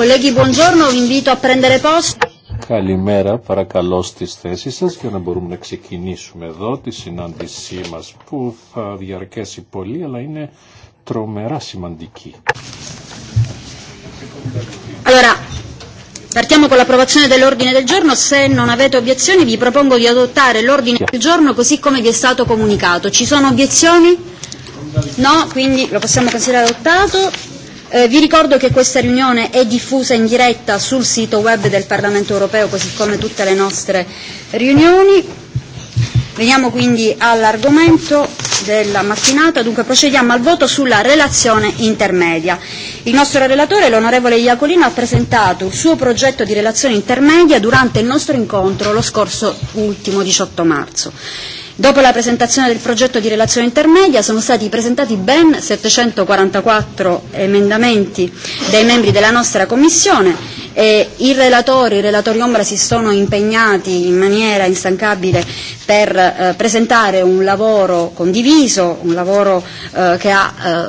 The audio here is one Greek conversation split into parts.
Colleghi, buongiorno, vi invito a prendere posto. Καλημέρα, παρακαλώ στις θέσεις σας για να μπορούμε να ξεκινήσουμε εδώ τη συνάντησή μας που θα διαρκέσει πολύ αλλά είναι τρομερά σημαντική. Allora, partiamo con l'approvazione dell'ordine del giorno. Se non avete obiezioni vi propongo di adottare l'ordine del giorno così come vi è stato comunicato. Ci sono obiezioni? No, quindi lo possiamo considerare adottato. Vi ricordo che questa riunione è diffusa in diretta sul sito web del Parlamento europeo, così come tutte le nostre riunioni. Veniamo quindi all'argomento della mattinata, dunque procediamo al voto sulla relazione intermedia. Il nostro relatore, l'onorevole Iacolino, ha presentato il suo progetto di relazione intermedia durante il nostro incontro lo scorso ultimo 18 marzo. Dopo la presentazione del progetto di relazione intermedia sono stati presentati ben 744 emendamenti dai membri della nostra Commissione e i relatori, i relatori ombra si sono impegnati in maniera instancabile per presentare un lavoro condiviso, un lavoro che ha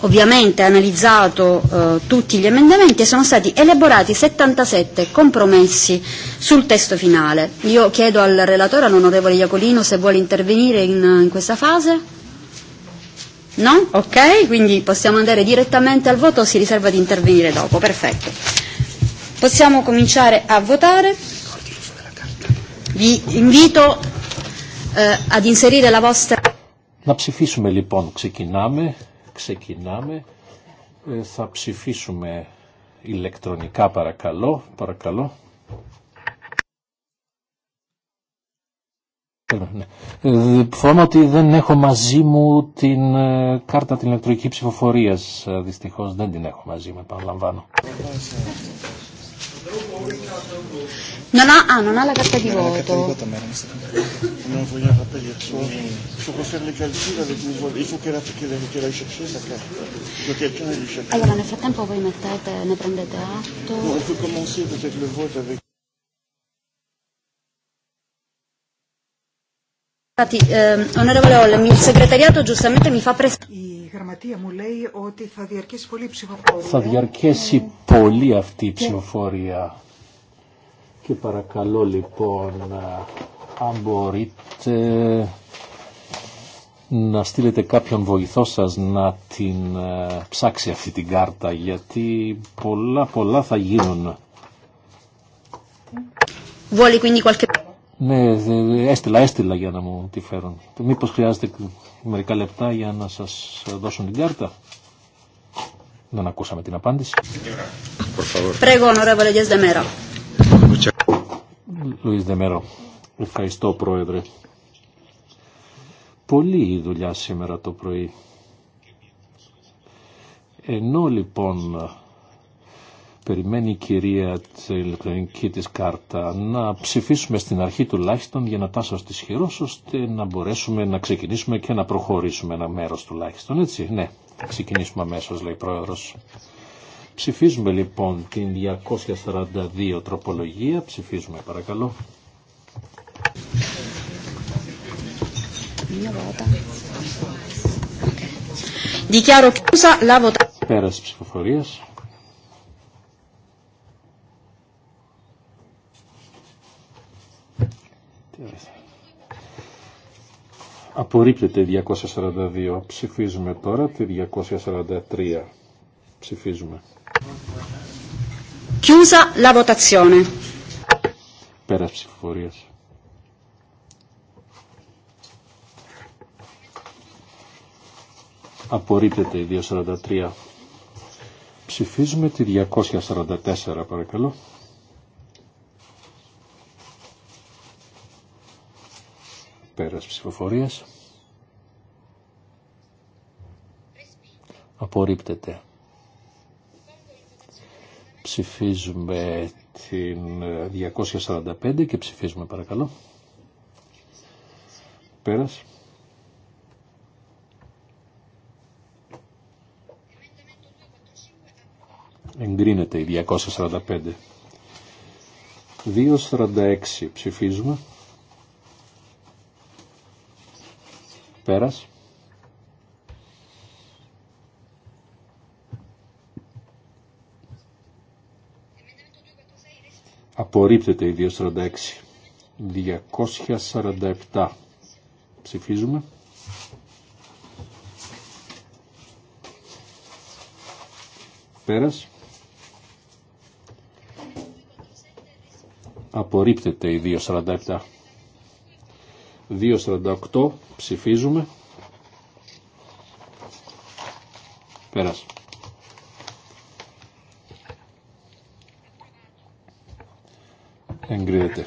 ovviamente analizzato tutti gli emendamenti e sono stati elaborati 77 compromessi sul testo finale. Io chiedo al relatore, all'onorevole Iacolino, se vuole intervenire in questa fase. No? Ok, quindi possiamo andare direttamente al voto, o si riserva di intervenire dopo. Perfetto. Possiamo cominciare a votare. Vi invito ad inserire la vostra... Να ψηφίσουμε λοιπόν, ξεκινάμε ξεκινάμε. Ε, θα ψηφίσουμε ηλεκτρονικά παρακαλώ. Παρακαλώ. ότι δεν έχω μαζί μου την ε, κάρτα την ηλεκτρονική ψηφοφορία. Ε, Δυστυχώ δεν την έχω μαζί μου, επαναλαμβάνω. Non ha, ah, non ha la carta di voto. Non vogliamo rappeler Il faut refaire les calculs avec une voix. Il faut qu'elle qu'elle aille chercher sa carte. Que quelqu'un aille chercher. Allora, nel frattempo voi mettete, ne prendete atto. No, peut commencer peut il voto. avec Infatti, eh, onorevole Olle, il segretariato giustamente mi fa presente θα διαρκέσει πολύ ψηφοφορία. Θα διαρκέσει ε, πολύ αυτή η ψηφοφορία. Και παρακαλώ λοιπόν, ε, αν μπορείτε να στείλετε κάποιον βοηθό σας να την ε, ψάξει αυτή την κάρτα, γιατί πολλά πολλά θα γίνουν. Ναι, έστειλα, έστειλα για να μου τη φέρουν. Μήπως χρειάζεται μερικά λεπτά για να σας δώσουν την κάρτα. Δεν ακούσαμε την απάντηση. Λουίς Δεμέρο, ευχαριστώ πρόεδρε. Πολύ η δουλειά σήμερα το πρωί. Ενώ λοιπόν περιμένει η κυρία τη ηλεκτρονική της κάρτα να ψηφίσουμε στην αρχή τουλάχιστον για να τάσω στις χειρός ώστε να μπορέσουμε να ξεκινήσουμε και να προχωρήσουμε ένα μέρος τουλάχιστον έτσι ναι θα ξεκινήσουμε αμέσω, λέει η πρόεδρος ψηφίζουμε λοιπόν την 242 τροπολογία ψηφίζουμε παρακαλώ Πέραση ψηφοφορίας. Απορρίπτεται 242. Ψηφίζουμε τώρα τη 243. Ψηφίζουμε. Chiusa la votazione. Πέρας ψηφοφορίας. Απορρίπτεται η 243. Ψηφίζουμε τη 244 παρακαλώ. Πέρας ψηφοφορίας. Απορρίπτεται. Ψηφίζουμε την 245 ε, και ψηφίζουμε παρακαλώ. Πέρας. Εγκρίνεται η 245. 246 ψηφίζουμε. Πέρας. Απορρίπτεται η 246. 247. Ψηφίζουμε. Πέρας. Απορρίπτεται η 247. 2.48 ψηφίζουμε. Πέρασε. Εγκρίνεται.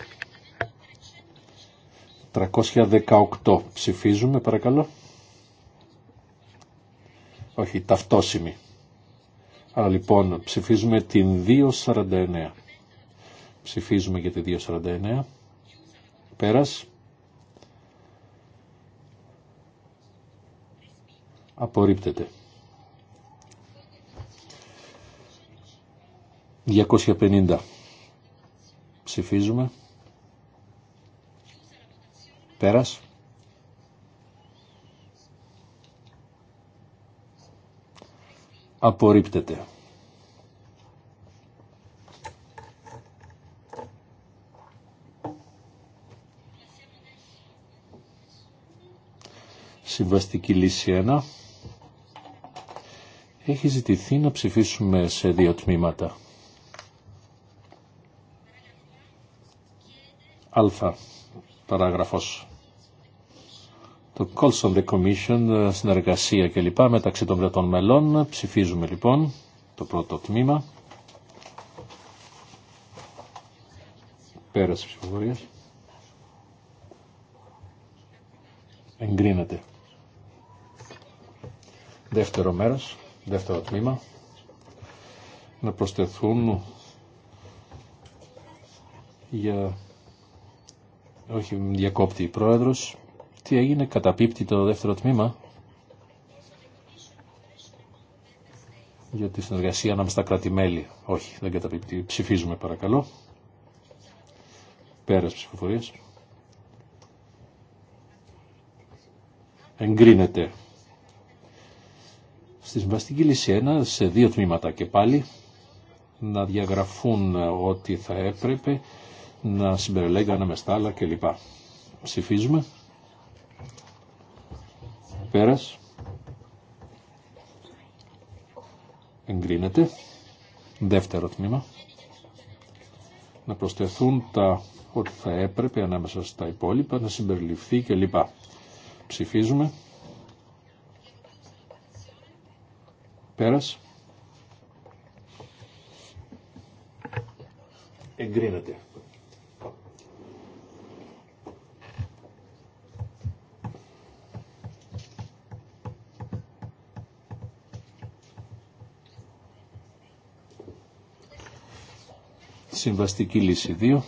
318 ψηφίζουμε παρακαλώ. Όχι, ταυτόσημη. Άρα λοιπόν ψηφίζουμε την 2.49. Ψηφίζουμε για τη 2.49. Πέρας. απορρίπτεται. 250 ψηφίζουμε. Πέρας. Απορρίπτεται. Συμβαστική λύση 1. Έχει ζητηθεί να ψηφίσουμε σε δύο τμήματα. Α. Παράγραφος. Το Calls on the Commission, ε, συνεργασία κλπ. μεταξύ των κρατών μελών. Ψηφίζουμε λοιπόν το πρώτο τμήμα. Πέρασε ψηφοφορία. Εγκρίνεται. Δεύτερο μέρος δεύτερο τμήμα να προσθεθούν για όχι διακόπτη η πρόεδρος τι έγινε καταπίπτει το δεύτερο τμήμα για τη συνεργασία ανάμεσα στα κράτη-μέλη. Όχι, δεν καταπίπτει. Ψηφίζουμε παρακαλώ. Πέρας ψηφοφορίας. Εγκρίνεται. Στη συμβαστική λύση 1, σε δύο τμήματα και πάλι, να διαγραφούν ό,τι θα έπρεπε, να συμπεριλέγανε με στάλα κλπ. Ψηφίζουμε. Πέρας. Εγκρίνεται. Δεύτερο τμήμα. Να προσθεθούν τα ό,τι θα έπρεπε ανάμεσα στα υπόλοιπα, να συμπεριληφθεί κλπ. Ψηφίζουμε. Πέρας. Εγκρίνεται. Συμβαστική λύση 2.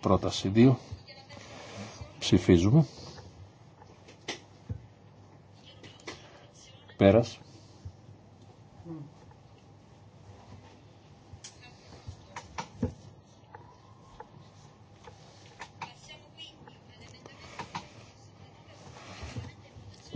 Πρόταση 2. Ψηφίζουμε. Πέρας.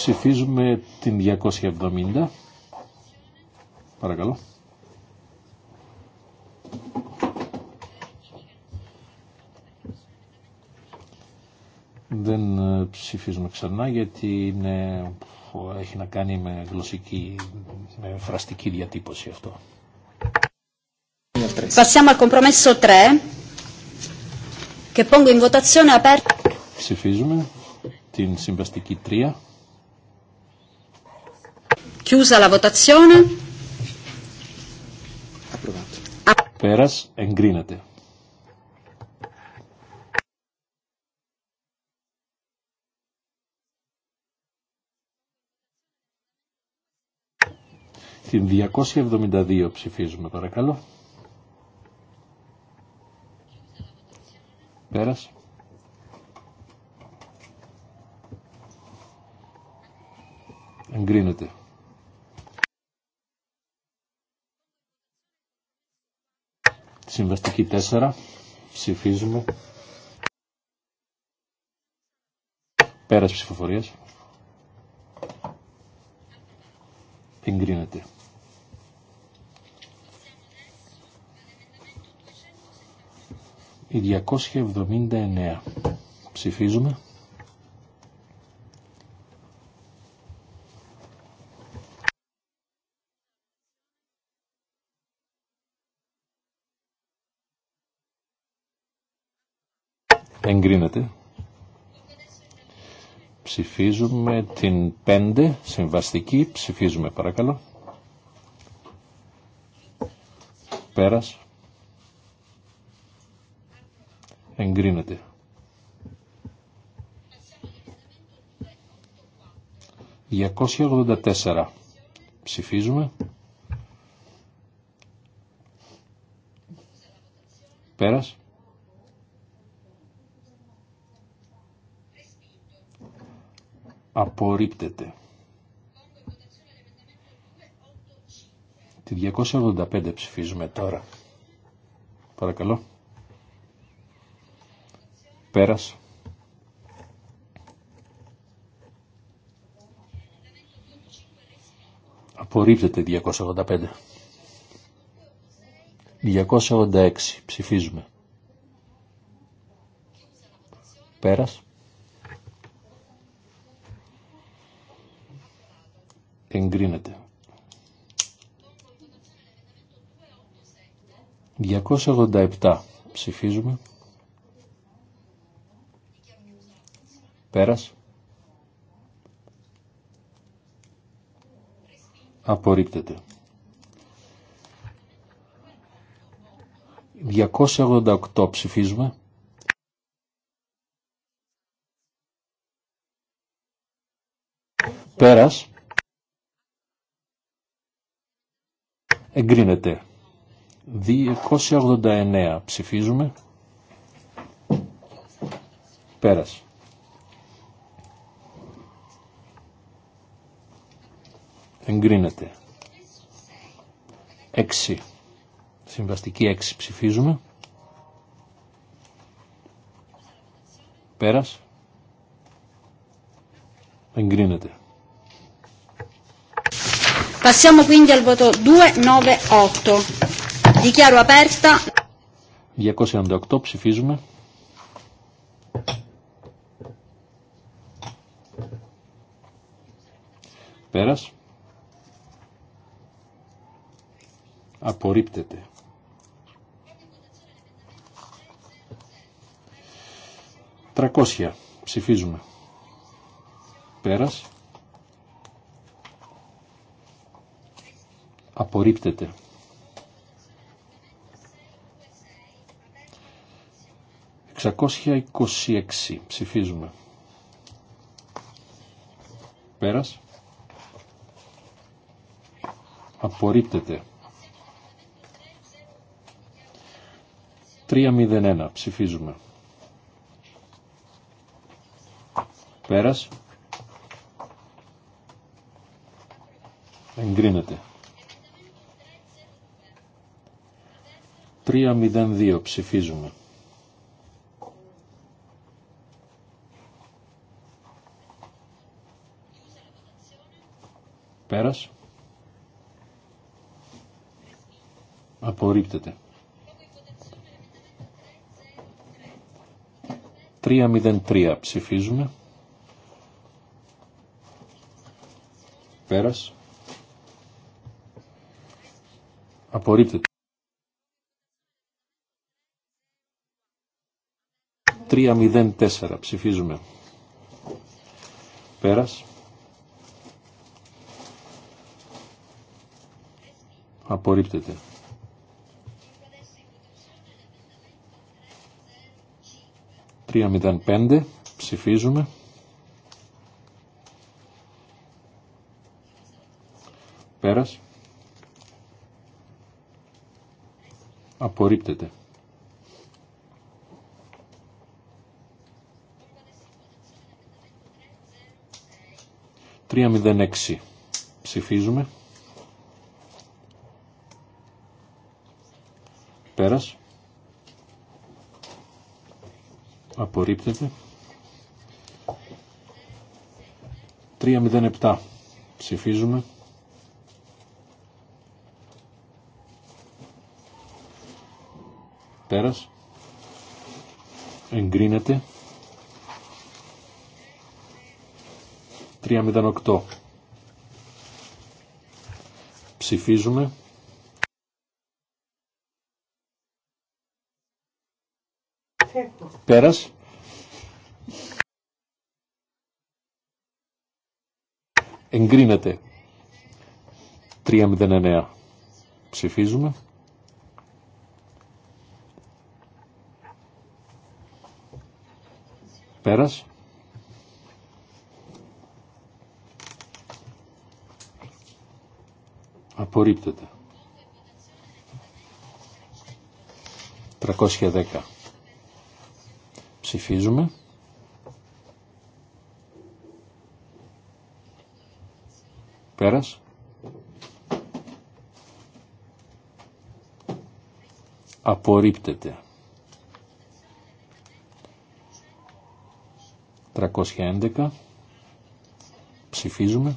Ψηφίζουμε την 270. Παρακαλώ. Δεν ε, ψηφίζουμε ξανά γιατί είναι, έχει να κάνει με γλωσσική, με φραστική διατύπωση αυτό. Passiamo al 3 che pongo in votazione aperta. Ψηφίζουμε την συμβαστική 3. Chiusa la votazione. Approvato. Peras, engrinate. Την 272 ψηφίζουμε παρακαλώ. Πέρας. Εγκρίνεται. Συμβαστική 4. Ψηφίζουμε. Πέρας ψηφοφορίας. Εγκρίνεται. Η 279. Ψηφίζουμε. εγκρίνεται. Ψηφίζουμε την 5 συμβαστική. Ψηφίζουμε παρακαλώ. Πέρας. Εγκρίνεται. ...284. Ψηφίζουμε. Πέρας. απορρίπτεται. Τη 285 ψηφίζουμε τώρα. Παρακαλώ. Πέρας. Απορρίπτεται 285. 286 ψηφίζουμε. Πέρας. εγκρίνεται. 287 ψηφίζουμε. Πέρας. Απορρίπτεται. 288 ψηφίζουμε. Πέρας. Εγκρίνεται. 289 ψηφίζουμε. Πέρασε. Εγκρίνεται. 6. Συμβαστική 6 ψηφίζουμε. Πέρας. Εγκρίνεται. Passiamo quindi al voto 298. Dichiaro aperta. 298 ψηφίζουμε. Πέρας. Απορρίπτεται. Τρακόσια. Ψηφίζουμε. Πέρας. Απορρίπτεται. 626 ψηφίζουμε. Πέρας. Απορρίπτεται. 301 ψηφίζουμε. Πέρας. Εγκρίνεται. δύο ψηφίζουμε. Πέρας. Απορρίπτεται. 303 ψηφίζουμε. Πέρας. Απορρίπτεται. 304. Ψηφίζουμε. Πέρας. Απορρίπτεται. Τρία πέντε. Ψηφίζουμε. Πέρας. Απορρίπτεται. 306. Ψηφίζουμε. Πέρας. Απορρίπτεται. 307. Ψηφίζουμε. Πέρας. Εγκρίνεται. 1308. Ψηφίζουμε. Πέρας. Εγκρίνεται. 309. Ψηφίζουμε. Πέρας. Απορρίπτεται. 310. Ψηφίζουμε. Πέρας. Απορρίπτεται. 311. Ψηφίζουμε.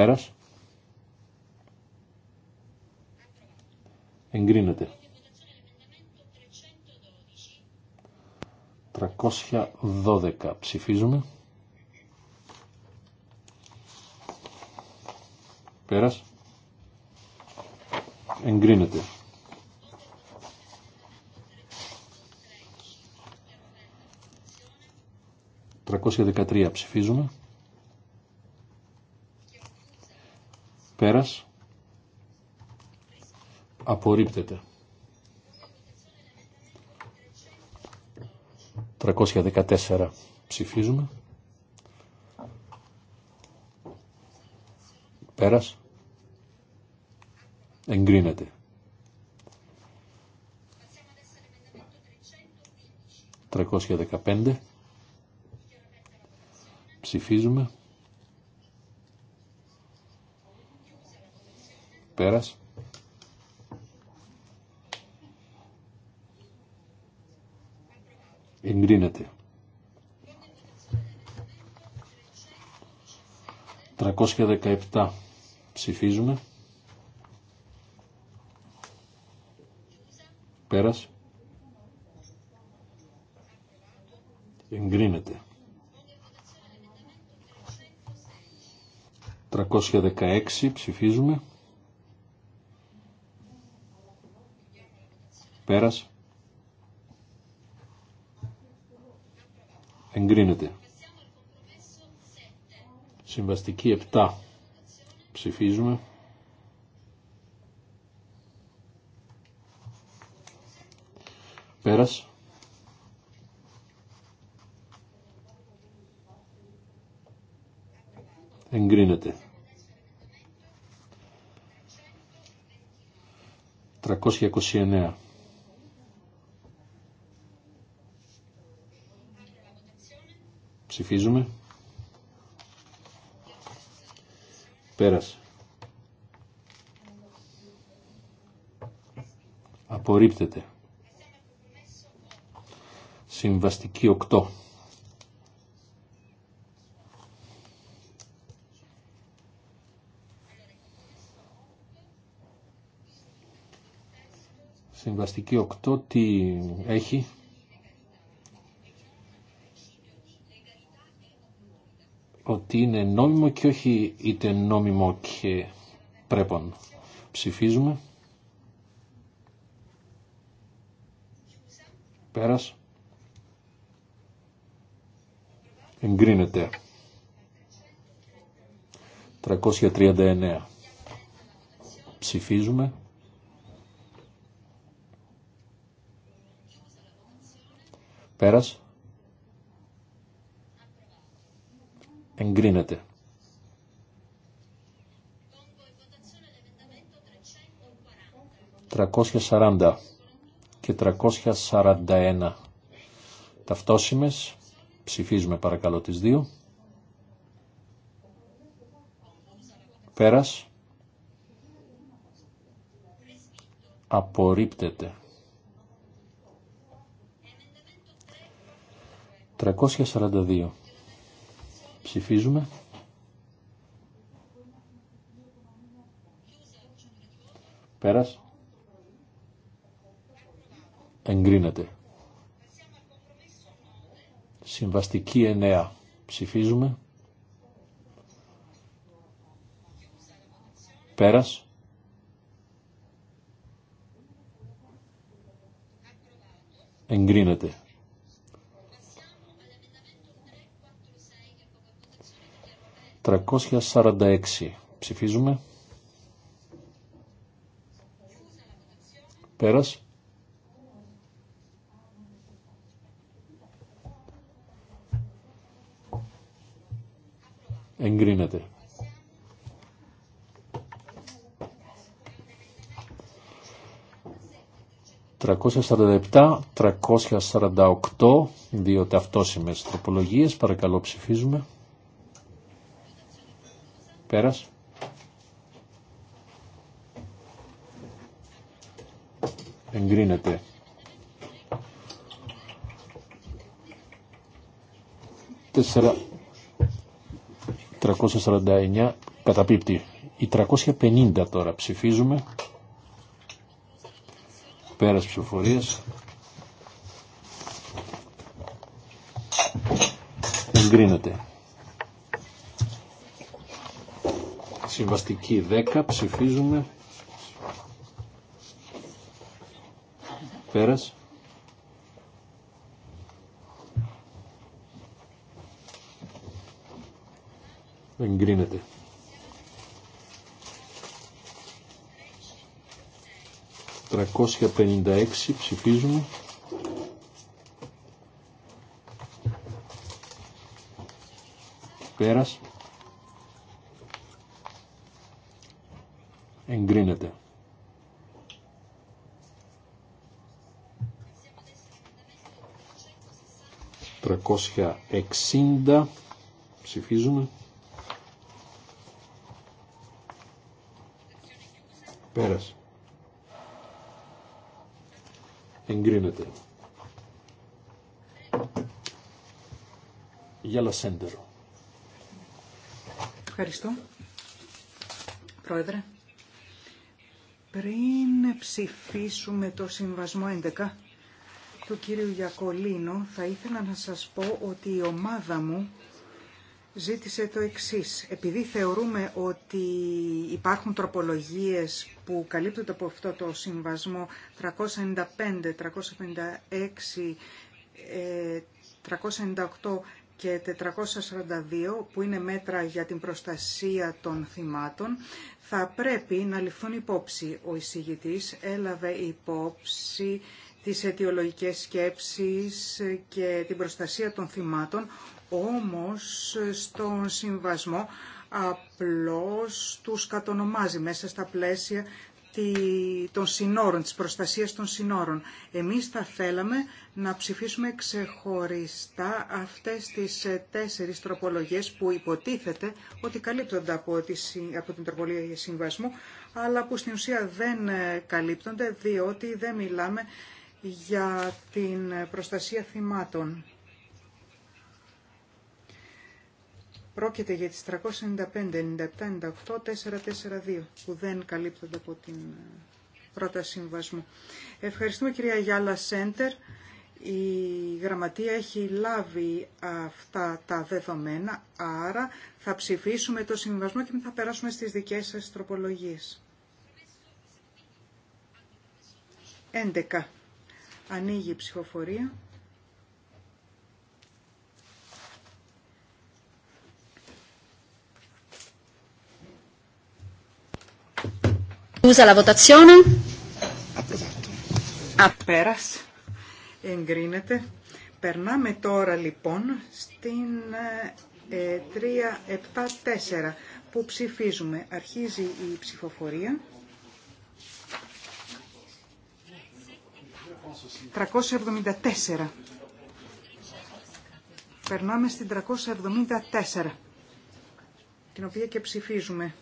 Πέρας. Εγκρίνεται. 312 ψηφίζουμε. Πέρας. Εγκρίνεται. 313 ψηφίζουμε. Πέρας. Απορρίπτεται. 314 ψηφίζουμε. Πέρας. Εγκρίνεται. 315 ψηφίζουμε. Πέρας. Εγκρίνεται. 317 ψηφίζουμε. Πέρας. Εγκρίνεται. 316 ψηφίζουμε. Πέρας. Εγκρίνεται. Συμβαστική 7. Ψηφίζουμε. Πέρας. Εγκρίνεται. 329. Ψηφίζουμε. Πέρασε. Απορρίπτεται. Συμβαστική 8. Συμβαστική 8 τι έχει. ότι είναι νόμιμο και όχι είτε νόμιμο και πρέπον. Ψηφίζουμε. Πέρας. Εγκρίνεται. 339. Ψηφίζουμε. Πέρας. εγκρίνεται. «340» και «341» ταυτόσιμες. Ψηφίζουμε παρακαλώ τις δύο. Πέρας. Απορρίπτεται. 342. Ψηφίζουμε. Πέρας. Εγκρίνεται. Συμβαστική εννέα. Ψηφίζουμε. Πέρας. Εγκρίνεται. 346. Ψηφίζουμε. Πέρας. Εγκρίνεται. 347, 348, δύο ταυτόσιμες τροπολογίες, παρακαλώ ψηφίζουμε. Πέρας. Εγκρίνεται. Τέσσερα. 349 καταπίπτει. Η 350 τώρα ψηφίζουμε. Πέρας ψηφοφορίας. Εγκρίνεται. Συμβαστική 10 ψηφίζουμε. Πέρας. γκρίνεται Τρακόσια πενήντα ψηφίζουμε. Πέρας. εγκρίνεται. Τρακόσια εξήντα ψηφίζουμε. Πέρασε. Εγκρίνεται. για Σέντερο. Ευχαριστώ. Πρόεδρε. Πριν ψηφίσουμε το Συμβασμό 11 του κύριου Γιακολίνου, θα ήθελα να σας πω ότι η ομάδα μου ζήτησε το εξής. Επειδή θεωρούμε ότι υπάρχουν τροπολογίες που καλύπτονται από αυτό το Συμβασμό 395, 356, 398 και 442 που είναι μέτρα για την προστασία των θυμάτων θα πρέπει να ληφθούν υπόψη. Ο εισηγητής έλαβε υπόψη τις αιτιολογικές σκέψεις και την προστασία των θυμάτων, όμως στον συμβασμό απλώς τους κατονομάζει μέσα στα πλαίσια των συνόρων, της προστασίας των συνόρων. Εμείς θα θέλαμε να ψηφίσουμε ξεχωριστά αυτές τις ε, τέσσερις τροπολογίες που υποτίθεται ότι καλύπτονται από, από την τροπολογία συμβασμού, αλλά που στην ουσία δεν ε, καλύπτονται διότι δεν μιλάμε για την προστασία θυμάτων. Πρόκειται για τις 395, 97, 98, 442 που δεν καλύπτονται από την ε, πρώτα συμβασμού. Ευχαριστούμε κυρία Γιάλα Σέντερ. Η γραμματεία έχει λάβει αυτά τα δεδομένα, άρα θα ψηφίσουμε το συμβασμό και θα περάσουμε στις δικές σας τροπολογίες. 11. Ανοίγει η ψηφοφορία. Chiusa la votazione. Approvato. Εγκρίνεται. Περνάμε τώρα λοιπόν στην eh, ε, 374 που ψηφίζουμε. Αρχίζει η ψηφοφορία. 374. Περνάμε στην 374, την οποία και ψηφίζουμε.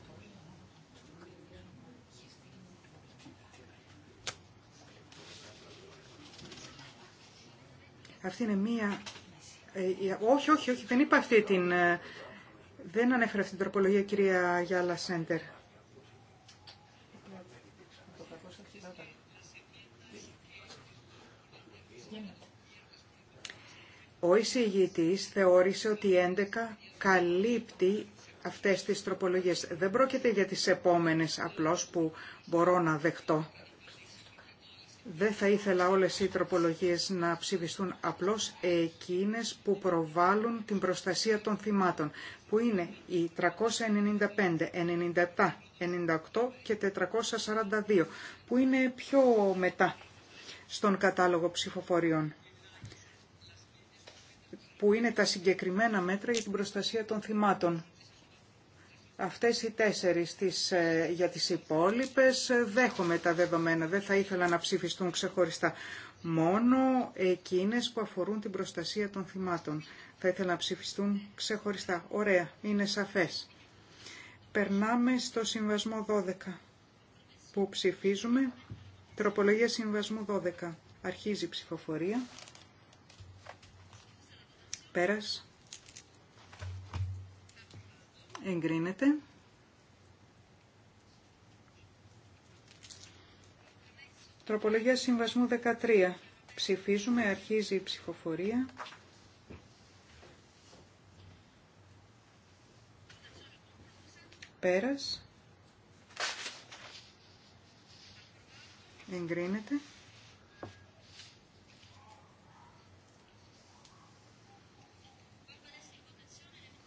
Αυτή είναι μία... Ε, όχι, όχι, όχι, δεν είπα αυτή την... Ε, δεν ανέφερα αυτή την τροπολογία, κυρία Γιάλα Σέντερ. Ο εισηγητής θεώρησε ότι η 11 καλύπτει αυτές τις τροπολογίες. Δεν πρόκειται για τις επόμενες απλώς που μπορώ να δεχτώ. Δεν θα ήθελα όλες οι τροπολογίες να ψηφιστούν απλώς εκείνες που προβάλλουν την προστασία των θυμάτων, που είναι οι 395, 97, 98 και 442, που είναι πιο μετά στον κατάλογο ψηφοφοριών, που είναι τα συγκεκριμένα μέτρα για την προστασία των θυμάτων. Αυτές οι τέσσερις ε, για τις υπόλοιπες ε, δέχομαι τα δεδομένα. Δεν θα ήθελα να ψηφιστούν ξεχωριστά. Μόνο εκείνες που αφορούν την προστασία των θυμάτων. Θα ήθελα να ψηφιστούν ξεχωριστά. Ωραία, είναι σαφές. Περνάμε στο συμβασμό 12 που ψηφίζουμε. Τροπολογία συμβασμού 12. Αρχίζει η ψηφοφορία. Πέρας εγκρίνεται. Τροπολογία Συμβασμού 13. Ψηφίζουμε, αρχίζει η ψηφοφορία. Πέρας. Εγκρίνεται.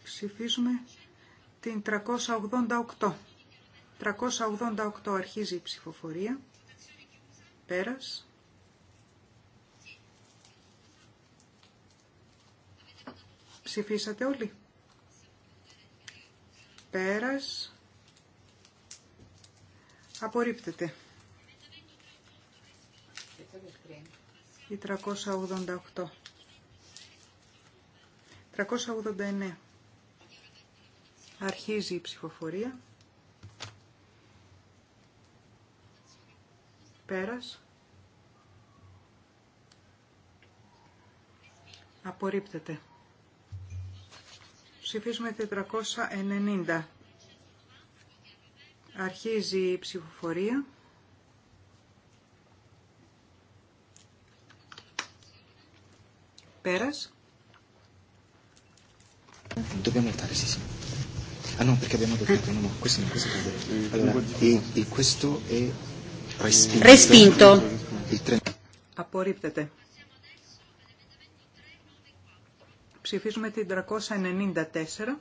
Ψηφίζουμε την 388. 388 αρχίζει η ψηφοφορία. Πέρας. Ψηφίσατε όλοι. Πέρας. Απορρίπτεται. Η 388. 389. Αρχίζει η ψηφοφορία. Πέρας. Απορρίπτεται. Ψηφίζουμε 490. Αρχίζει η ψηφοφορία. Πέρας. Το Ah no, perché abbiamo adottato, no, no, questo non è questo Allora, e, e questo è respinto. Respinto. Il 30. Απορρίπτεται. Ψηφίζουμε την 394.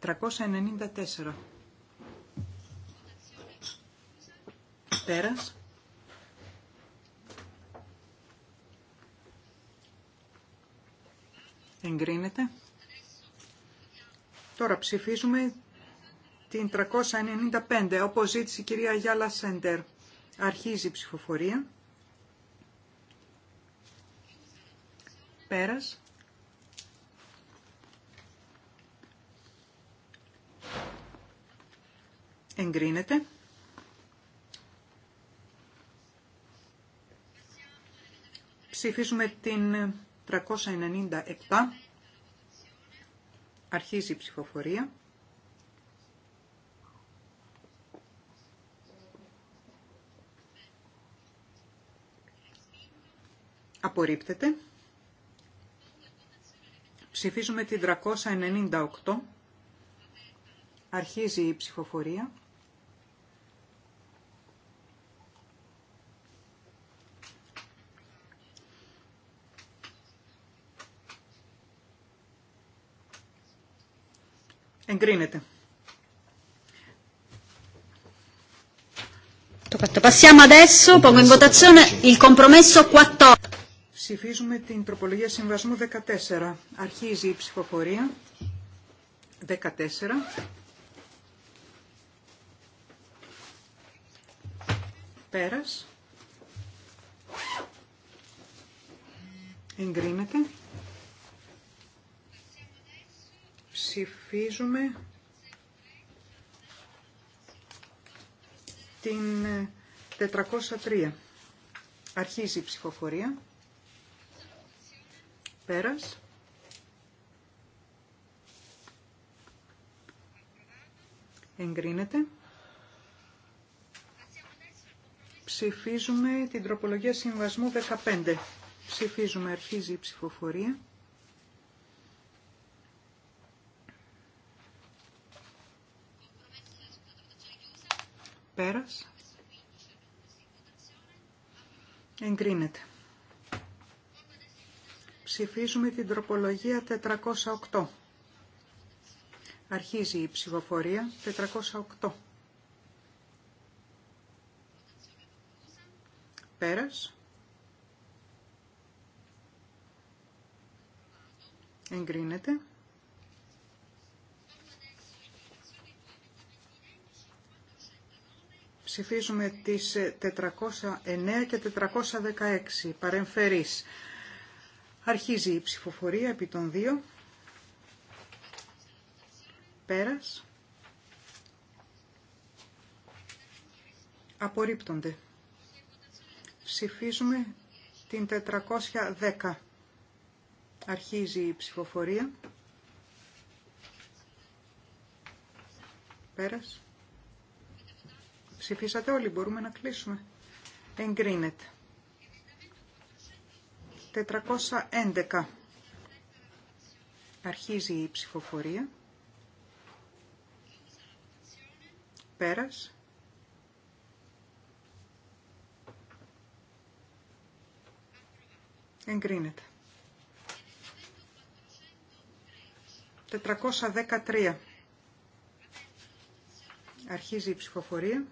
394. Πέρας. Εγκρίνεται. Τώρα ψηφίζουμε την 395, όπως ζήτησε η κυρία Γιάλα Σέντερ. Αρχίζει η ψηφοφορία. Πέρας. Εγκρίνεται. Ψηφίζουμε την 397. Αρχίζει η ψηφοφορία. Απορρίπτεται. Ψηφίζουμε την 398. Αρχίζει η ψηφοφορία. Εγκρίνεται. Passiamo adesso, pongo in votazione il compromesso 14. Ψηφίζουμε την τροπολογία συμβασμού 14. Αρχίζει η ψηφοφορία. 14. Πέρας. Εγκρίνεται. ψηφίζουμε την 403. Ε, Αρχίζει η ψηφοφορία. Πέρας. Εγκρίνεται. Ψηφίζουμε την τροπολογία συμβασμού 15. Ψηφίζουμε. Αρχίζει η ψηφοφορία. Πέρας. Εγκρίνεται. Ψηφίζουμε την τροπολογία 408. Αρχίζει η ψηφοφορία 408. Πέρας. Εγκρίνεται. Ψηφίζουμε τις 409 ε, και 416 παρεμφερείς. Αρχίζει η ψηφοφορία επί των δύο. Πέρας. Απορρίπτονται. Ψηφίζουμε την 410. Αρχίζει η ψηφοφορία. Πέρας. Ψηφίσατε όλοι, μπορούμε να κλείσουμε. Εγκρίνεται. 411. Αρχίζει η ψηφοφορία. Πέρας. Εγκρίνεται. 413. Αρχίζει η ψηφοφορία.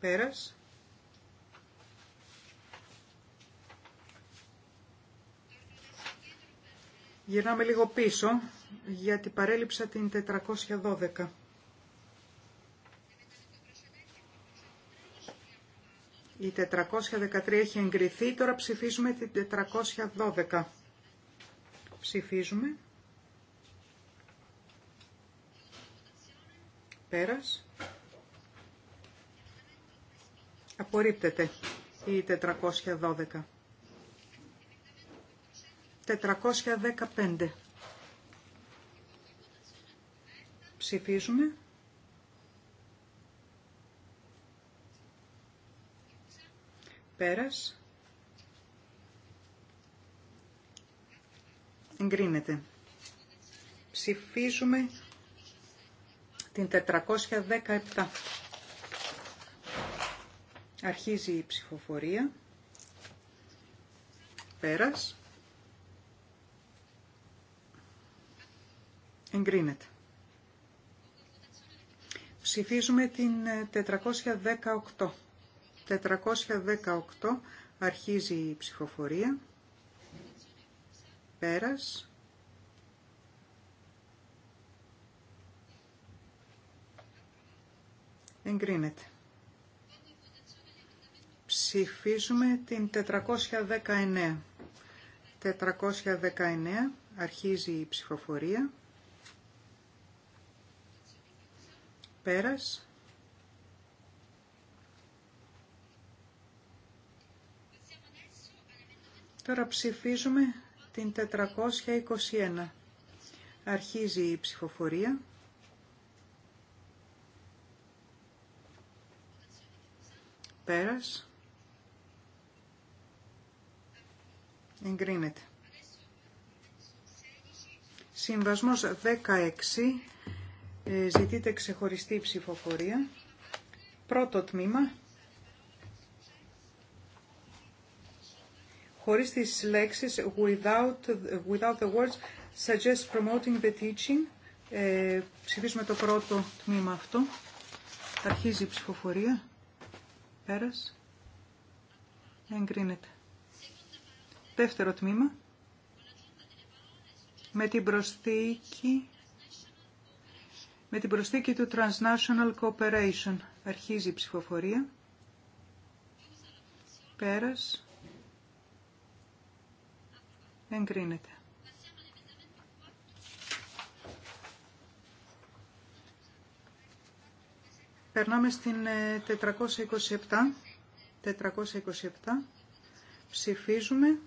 Πέρας. Γυρνάμε λίγο πίσω, γιατί παρέλειψα την 412. Η 413 έχει εγκριθεί, τώρα ψηφίζουμε την 412. Ψηφίζουμε. Πέρας. Απορρίπτεται η 412. 415. Ψηφίζουμε. Πέρας. Εγκρίνεται. Ψηφίζουμε την 417. Αρχίζει η ψηφοφορία. Πέρας. Εγκρίνεται. Ψηφίζουμε την 418. Ε, 418 αρχίζει η ψηφοφορία. Πέρας. Εγκρίνεται. Ψηφίζουμε την 419. 419 αρχίζει η ψηφοφορία. Πέρας. Τώρα ψηφίζουμε την 421. Αρχίζει η ψηφοφορία. Πέρας. Εγκρίνεται. Συμβασμός 16. Ε, Ζητείτε ξεχωριστή ψηφοφορία. Πρώτο τμήμα. Χωρίς τις λέξεις without, without the words suggest promoting the teaching. Ε, ψηφίζουμε το πρώτο τμήμα αυτό. Αρχίζει η ψηφοφορία. Πέρας. Εγκρίνεται. Δεύτερο τμήμα. Με την προσθήκη, με την προσθήκη του Transnational Cooperation. Αρχίζει η ψηφοφορία. Πέρας. Εγκρίνεται. Περνάμε στην 427. Ε, 427. Ψηφίζουμε.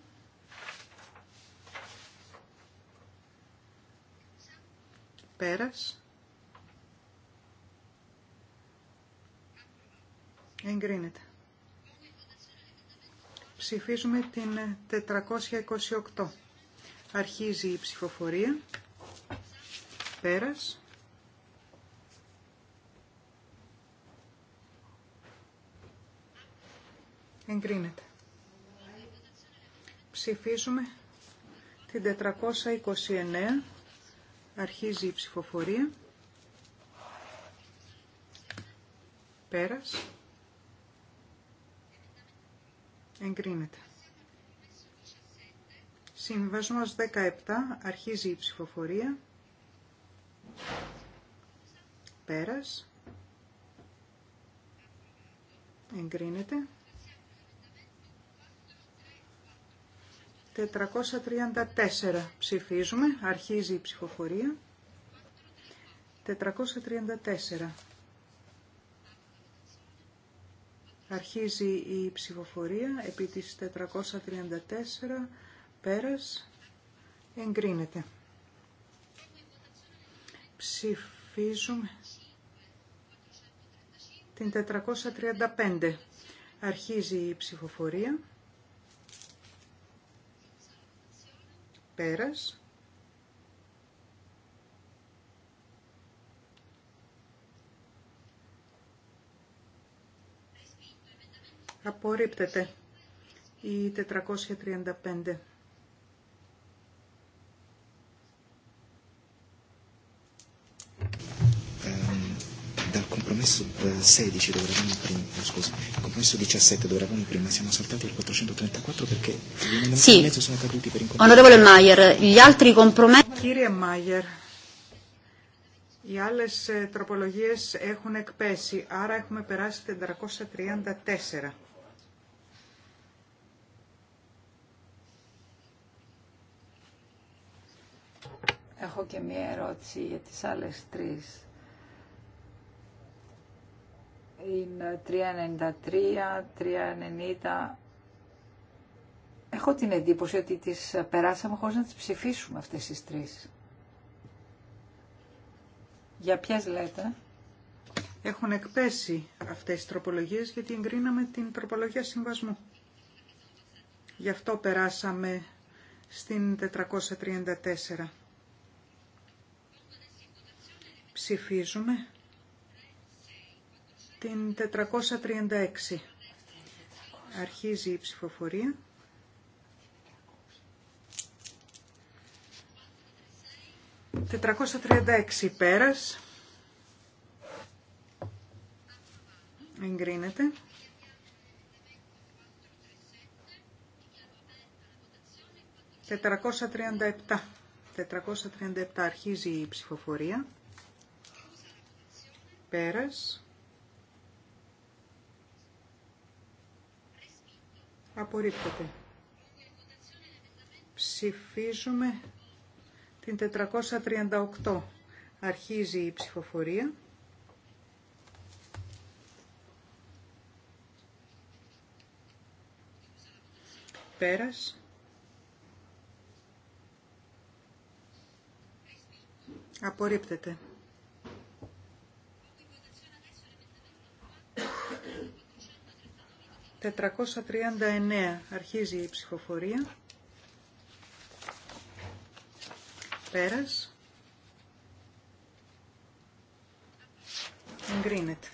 Πέρας. Εγκρίνεται. Ψηφίζουμε την 428. Αρχίζει η ψηφοφορία. Πέρας. Εγκρίνεται. Ψηφίζουμε την 429. Αρχίζει η ψηφοφορία. Πέρας. Εγκρίνεται. Συμβασμός 17. Αρχίζει η ψηφοφορία. Πέρας. Εγκρίνεται. 434 ψηφίζουμε, αρχίζει η ψηφοφορία. 434. Αρχίζει η ψηφοφορία επί της 434 πέρας εγκρίνεται. Ψηφίζουμε την 435. Αρχίζει η ψηφοφορία. πέρας. Απορρίπτεται η 435. compromesso 16 dovevamo prima, scusa, il compromesso 17 dovevamo prima, siamo saltati al 434 perché gli emendamenti sì. mezzo sono caduti per incontro. Onorevole Maier, gli altri compromessi... e Maier, οι άλλες τροπολογίες έχουν εκπέσει, άρα έχουμε περάσει 434. Έχω και μία ερώτηση για τις άλλες τρεις είναι 3,93, 3,90. Έχω την εντύπωση ότι τις περάσαμε χωρίς να τις ψηφίσουμε αυτές τις τρεις. Για ποιες λέτε. Έχουν εκπέσει αυτές οι τροπολογίες γιατί εγκρίναμε την τροπολογία συμβασμού. Γι' αυτό περάσαμε στην 434. Ψηφίζουμε την 436. Αρχίζει η ψηφοφορία. «436 πέρας». Εγκρίνεται. «437». 437 αρχίζει η ψηφοφορία. Πέρας. Απορρίπτεται. Ψηφίζουμε την 438. Αρχίζει η ψηφοφορία. Πέρας. Απορρίπτεται. 439 αρχίζει η ψηφοφορία. Πέρας. Εγκρίνεται.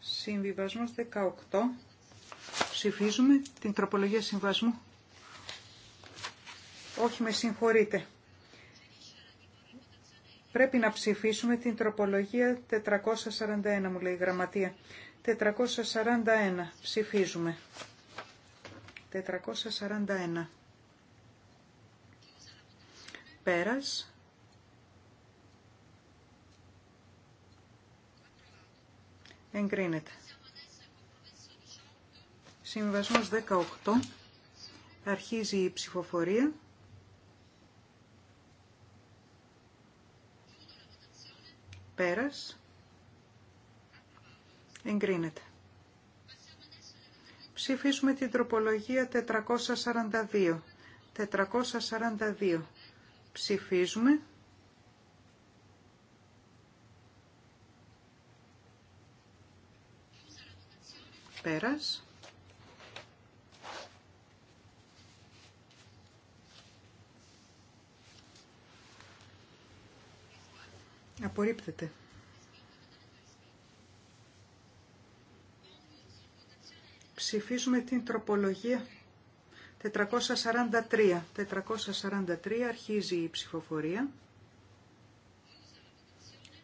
Συμβιβασμός 18. Ψηφίζουμε την τροπολογία συμβασμού. Όχι, με συγχωρείτε. Πρέπει να ψηφίσουμε την τροπολογία 441, μου λέει η γραμματεία. 441. Ψηφίζουμε. 441. Πέρας. Εγκρίνεται. Συμβασμός 18. Αρχίζει η ψηφοφορία. Πέρας. Εγκρίνεται. Ψηφίσουμε την τροπολογία 442. 442. Ψηφίζουμε. Πέρας. Απορρίπτεται. Ψηφίζουμε την τροπολογία 443. 443 αρχίζει η ψηφοφορία.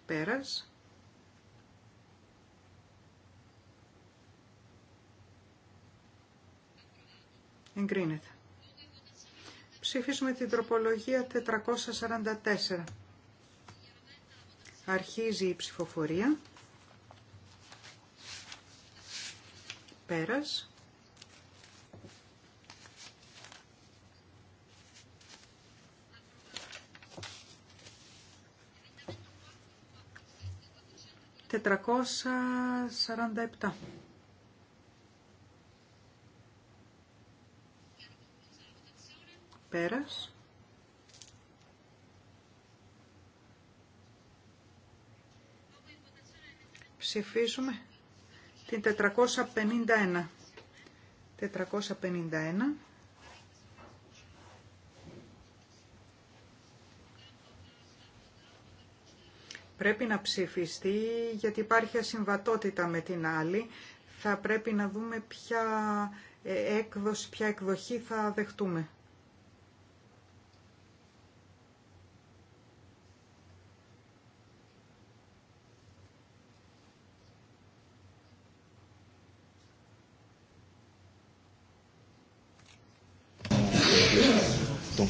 Πέρας. Εγκρίνεται. Ψηφίζουμε την τροπολογία 444. Αρχίζει η ψηφοφορία. Πέρας. Τετρακόσα σαράντα επτά. Πέρας. ψηφίσουμε την 451. 451. Πρέπει να ψηφιστεί γιατί υπάρχει ασυμβατότητα με την άλλη. Θα πρέπει να δούμε ποια ε, έκδοση, ποια εκδοχή θα δεχτούμε.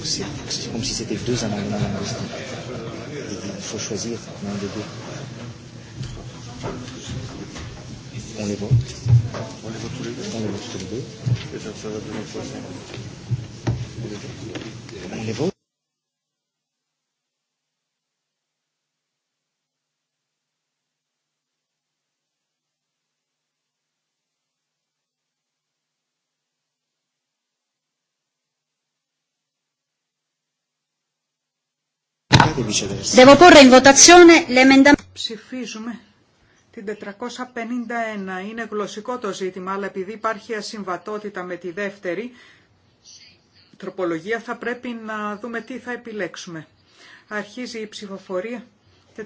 C'est comme si c'était deux amendements linguistiques. Il faut choisir l'un des deux. On les vote. On les vote tous les deux. On les vote tous les deux. On les vote. Devo porre in votazione l'emendamento. Ψηφίζουμε την 451. Είναι γλωσσικό το ζήτημα, αλλά επειδή υπάρχει ασυμβατότητα με τη δεύτερη τροπολογία, θα πρέπει να δούμε τι θα επιλέξουμε. Αρχίζει η ψηφοφορία 451.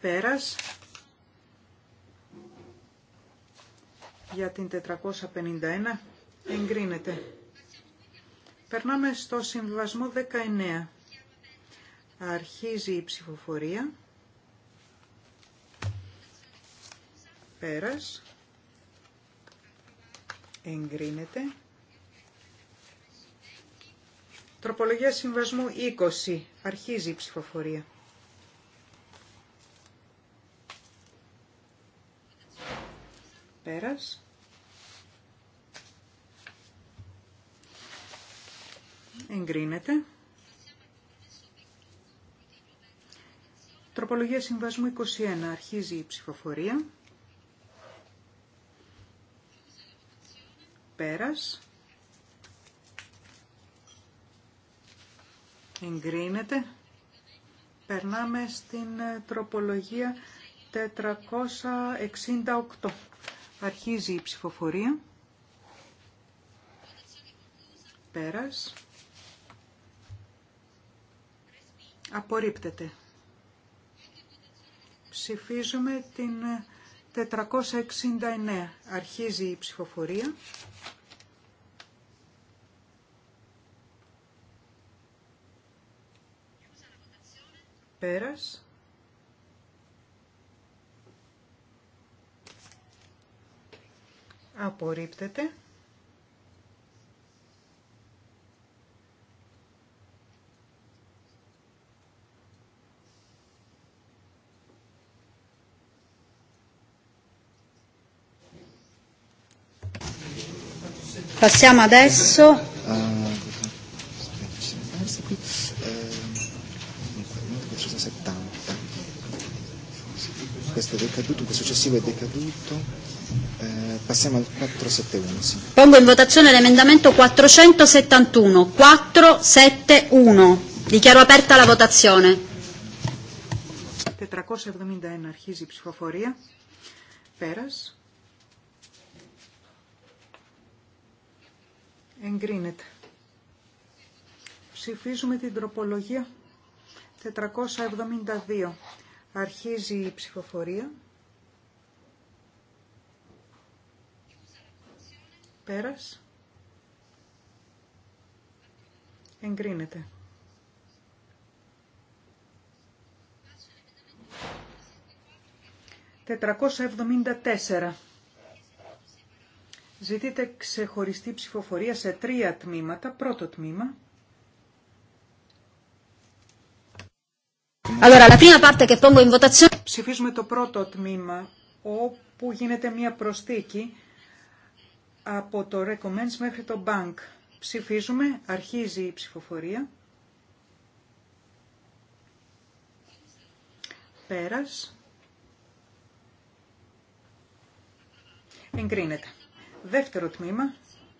Πέρας για την 451 εγκρίνεται. Περνάμε στο συμβιβασμό 19. Αρχίζει η ψηφοφορία. Πέρας. Εγκρίνεται. Τροπολογία συμβασμού 20. Αρχίζει η ψηφοφορία. Πέρας. εγκρίνεται. Τροπολογία Συμβασμού 21. Αρχίζει η ψηφοφορία. Πέρας. Εγκρίνεται. Περνάμε στην ε, τροπολογία 468. Αρχίζει η ψηφοφορία. Πέρας. Απορρίπτεται. Ψηφίζουμε την 469. Αρχίζει η ψηφοφορία. Πέρας. Απορρίπτεται. Passiamo adesso. Questo è decaduto, questo successivo è decaduto. Passiamo al 471. Pongo in votazione l'emendamento 471. 471. Dichiaro aperta la votazione. 471 αρχίζει η ψηφοφορία. Πέρας. Εγκρίνεται. Ψηφίζουμε την τροπολογία 472. Αρχίζει η ψηφοφορία. Πέρας. Εγκρίνεται. 474 Ζητείτε ξεχωριστή ψηφοφορία σε τρία τμήματα. Πρώτο τμήμα. Ψηφίζουμε το πρώτο τμήμα, όπου γίνεται μια προστίκη από το recommends μέχρι το bank. Ψηφίζουμε, αρχίζει η ψηφοφορία. Πέρας. Εγκρίνεται. Δεύτερο τμήμα.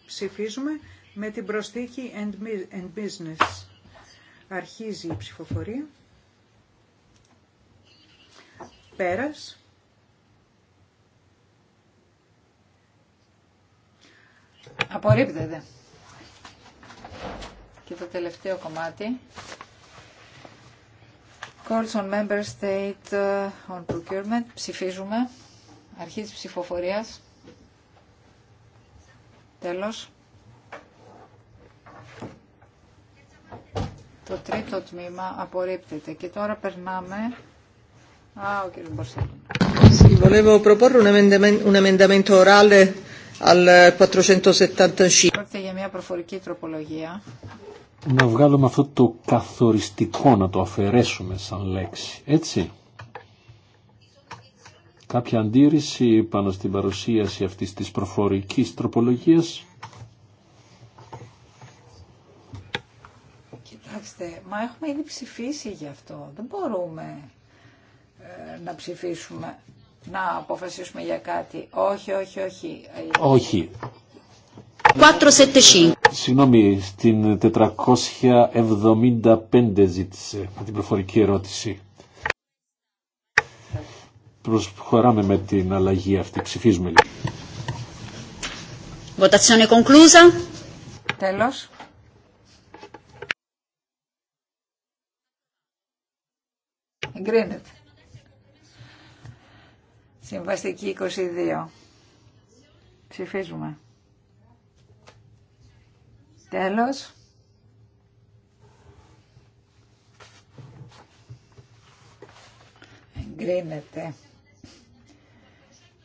Ψηφίζουμε με την προσθήκη and business. Αρχίζει η ψηφοφορία. Πέρας. Απορρίπτεται. Και το τελευταίο κομμάτι. Calls on member state uh, on procurement. Ψηφίζουμε. η ψηφοφορίας. Τέλος. Το τρίτο τμήμα απορρίπτεται. Και τώρα περνάμε... Α, ο κύριος Μπορσέλη. Sì, volevo proporre un emendamento orale al 475. Να βγάλουμε αυτό το καθοριστικό, να το αφαιρέσουμε σαν λέξη. Έτσι. Κάποια αντίρρηση πάνω στην παρουσίαση αυτής της προφορικής τροπολογίας. Κοιτάξτε, μα έχουμε ήδη ψηφίσει γι' αυτό. Δεν μπορούμε ε, να ψηφίσουμε, να αποφασίσουμε για κάτι. Όχι, όχι, όχι. Όχι. 475. Συγγνώμη, στην 475 ζήτησε την προφορική ερώτηση προχωράμε με την αλλαγή αυτή. Ψηφίζουμε λίγο. Λοιπόν. Votazione conclusa. Τέλος. Εγκρίνεται. Συμβαστική 22. Ψηφίζουμε. Τέλος. Εγκρίνεται.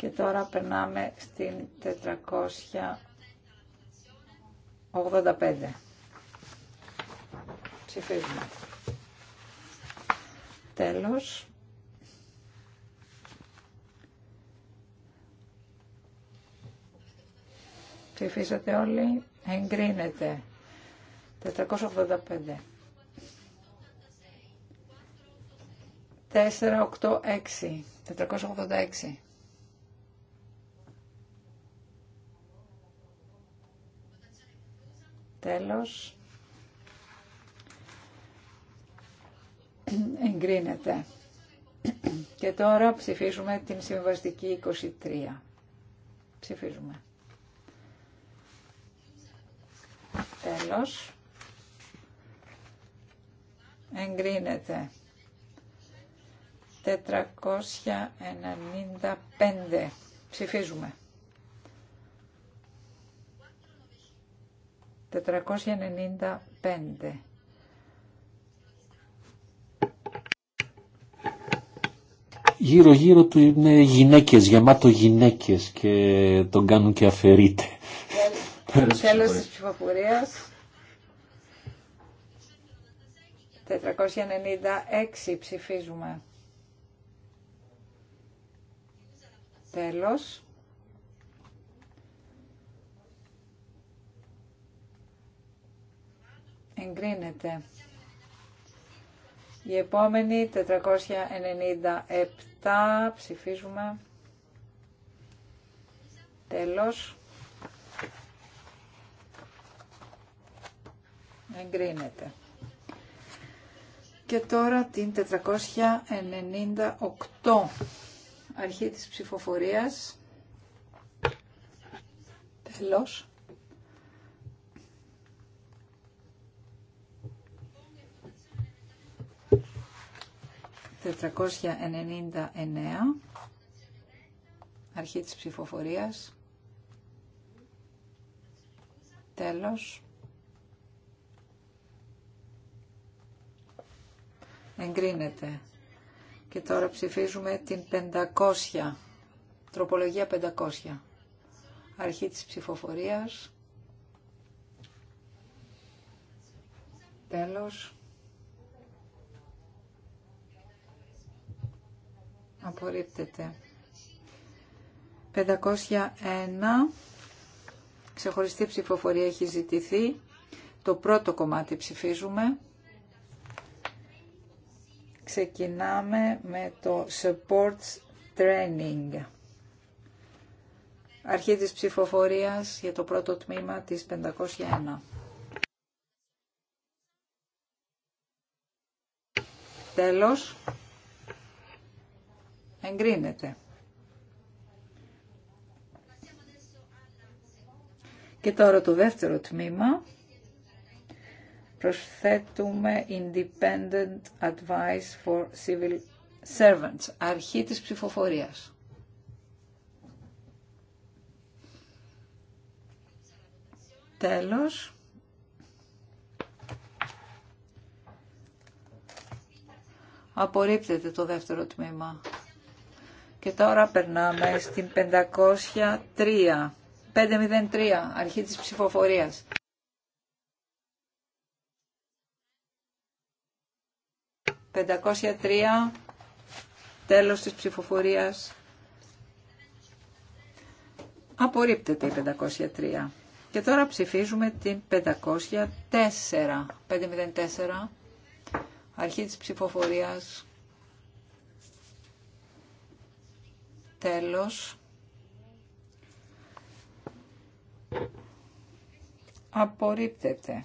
Και τώρα περνάμε στην 485. Ψηφίζουμε. Τέλος. Ψηφίσατε όλοι. Εγκρίνεται. 485. 486. 486. Τέλος. Εγκρίνεται. Και τώρα ψηφίζουμε την συμβαστική 23. Ψηφίζουμε. Τέλος. Εγκρίνεται. 495. Ψηφίζουμε. 495. Γύρω γύρω του είναι γυναίκες, γεμάτο γυναίκες και τον κάνουν και αφαιρείται. Τέλος της ψηφοφορίας. 496 ψηφίζουμε. Τέλος. εγκρίνεται. Η επόμενη 497 ψηφίζουμε. Τέλος. Εγκρίνεται. Και τώρα την 498 αρχή της ψηφοφορίας. Τέλος. 499 αρχή της ψηφοφορίας τέλος εγκρίνεται και τώρα ψηφίζουμε την 500 τροπολογία 500 αρχή της ψηφοφορίας τέλος απορρίπτεται. 501 ξεχωριστή ψηφοφορία έχει ζητηθεί. Το πρώτο κομμάτι ψηφίζουμε. Ξεκινάμε με το support Training. Αρχή της ψηφοφορίας για το πρώτο τμήμα της 501. Τέλος. Εγκρίνεται. Και τώρα το δεύτερο τμήμα. Προσθέτουμε Independent Advice for Civil Servants, αρχή της ψηφοφορίας. Τέλος. Απορρίπτεται το δεύτερο τμήμα. Και τώρα περνάμε στην 503. 503, αρχή της ψηφοφορίας. «503, τέλος της ψηφοφορίας». Απορρίπτεται η 503. Και τώρα ψηφίζουμε την 504. 504, αρχή της ψηφοφορίας. Τέλος. Απορρίπτεται.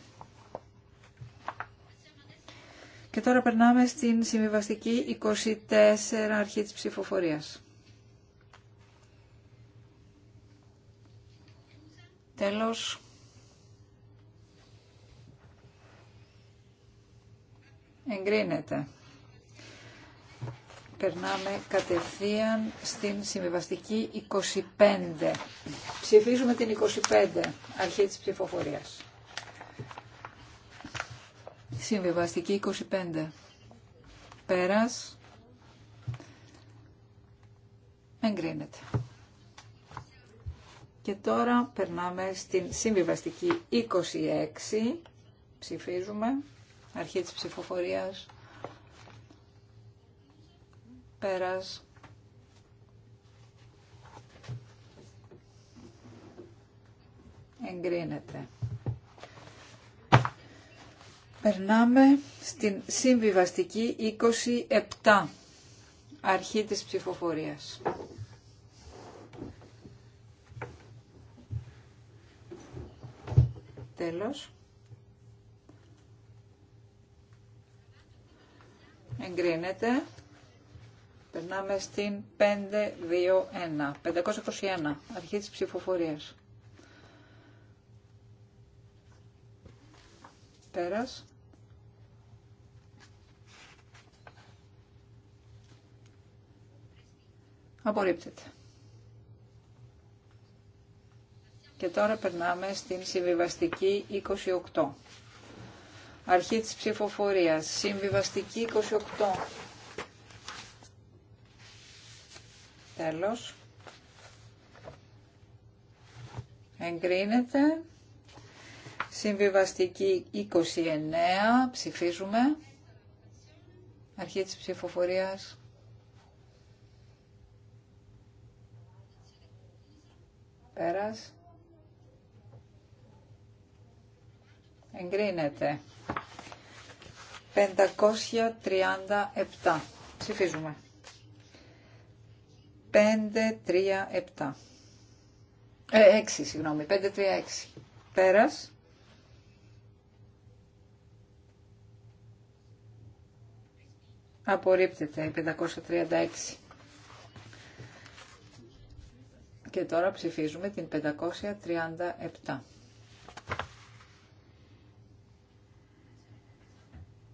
Και τώρα περνάμε στην συμβιβαστική 24 αρχή της ψηφοφορίας. Τέλος. Εγκρίνεται περνάμε κατευθείαν στην συμβιβαστική 25. Ψηφίζουμε την 25, αρχή της ψηφοφορίας. Συμβιβαστική 25. Πέρας. Εγκρίνεται. Και τώρα περνάμε στην συμβιβαστική 26. Ψηφίζουμε. Αρχή της ψηφοφορίας. Πέρας. Εγκρίνεται. Περνάμε στην συμβιβαστική 27, αρχή της ψηφοφορίας. Τέλος. Εγκρίνεται. Περνάμε στην 521. 521. Αρχή της ψηφοφορίας. Πέρας. Απορρίπτεται. Και τώρα περνάμε στην συμβιβαστική 28. Αρχή της ψηφοφορίας. Συμβιβαστική 28. Τέλος. Εγκρίνεται. Συμβιβαστική 29. Ψηφίζουμε. Αρχή της ψηφοφορίας. Πέρας. Εγκρίνεται. 537. Ψηφίζουμε. 5-3-7. Ε, 6, συγγνώμη, 5-3-6. Πέρας. Απορρίπτεται η 536. Και τώρα ψηφίζουμε την 537.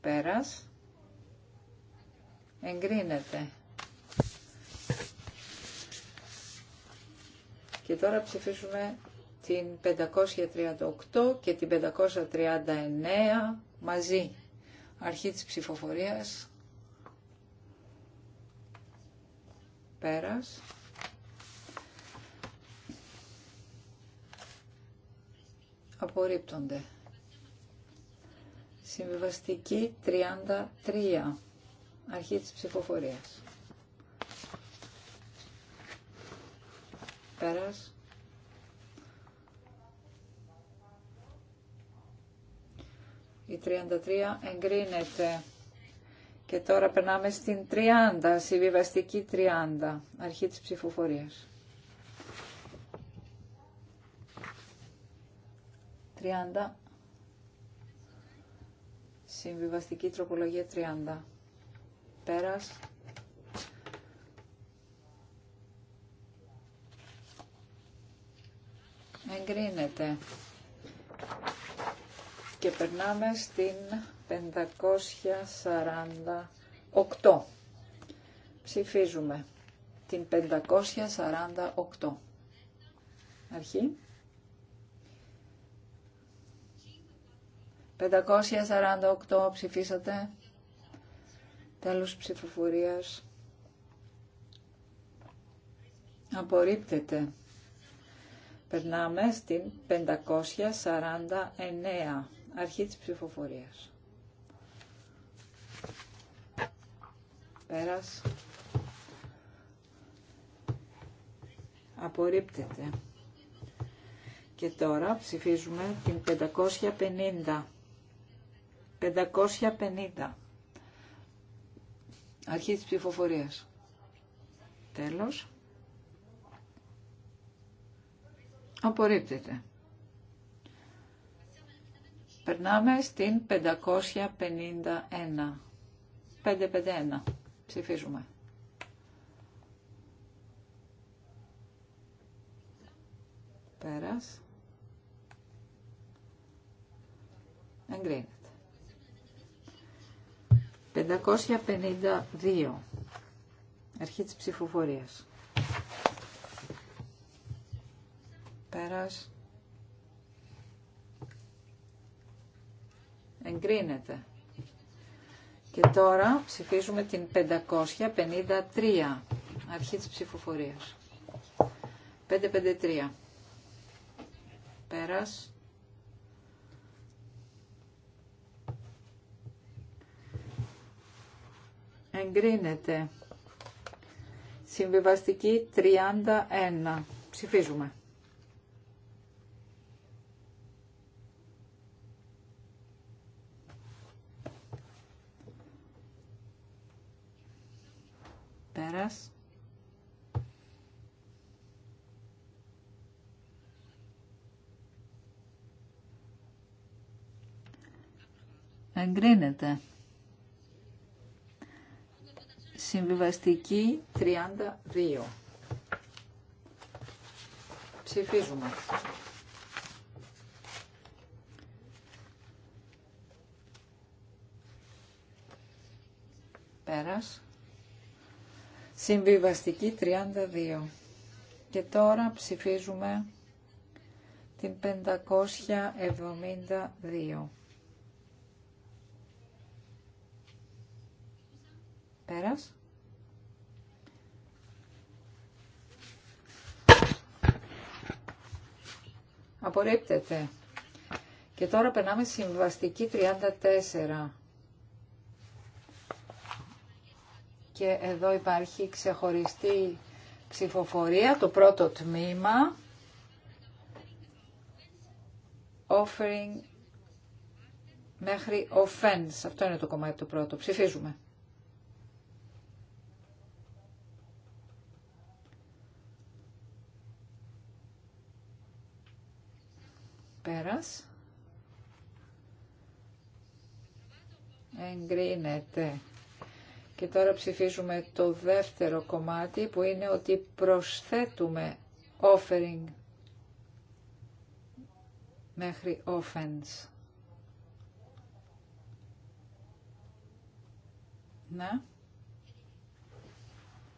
Πέρας. Εγκρίνεται. Και τώρα ψηφίσουμε την 538 και την 539 μαζί. Αρχή της ψηφοφορίας. Πέρας. Απορρίπτονται. Συμβιβαστική 33. Αρχή της ψηφοφορίας. Πέρας. Η 33 εγκρίνεται. Και τώρα περνάμε στην 30, συμβιβαστική 30, αρχή της ψηφοφορίας. 30, συμβιβαστική τροπολογία 30. Πέρας. εγκρίνεται. Και περνάμε στην 548. Ψηφίζουμε την 548. Αρχή. 548 ψηφίσατε. Τέλος ψηφοφορίας. Απορρίπτεται. Περνάμε στην 549, αρχή της ψηφοφορίας. Πέρας. Απορρίπτεται. Και τώρα ψηφίζουμε την 550. 550. Αρχή της ψηφοφορίας. Τέλος. Απορρίπτεται. Περνάμε στην 551. 551. Ψηφίζουμε. Πέρας. Εγκρίνεται. 552. Αρχή της ψηφοφορίας. Πέρας. Εγκρίνεται. Και τώρα ψηφίζουμε την 553, αρχή της ψηφοφορίας. 553. Πέρας. Εγκρίνεται. Συμβιβαστική 31. Ψηφίζουμε. Πέρας. Εγκρίνεται. Συμβιβαστική 32. Ψηφίζουμε. Πέρας. Συμβιβαστική 32. Και τώρα ψηφίζουμε την 572. Πέρας. Απορρίπτεται. Και τώρα περνάμε συμβαστική 34. και εδώ υπάρχει ξεχωριστή ψηφοφορία, το πρώτο τμήμα, offering μέχρι offense. Αυτό είναι το κομμάτι το πρώτο. Ψηφίζουμε. Πέρας. Εγκρίνεται. Και τώρα ψηφίζουμε το δεύτερο κομμάτι που είναι ότι προσθέτουμε offering μέχρι offense. Ναι.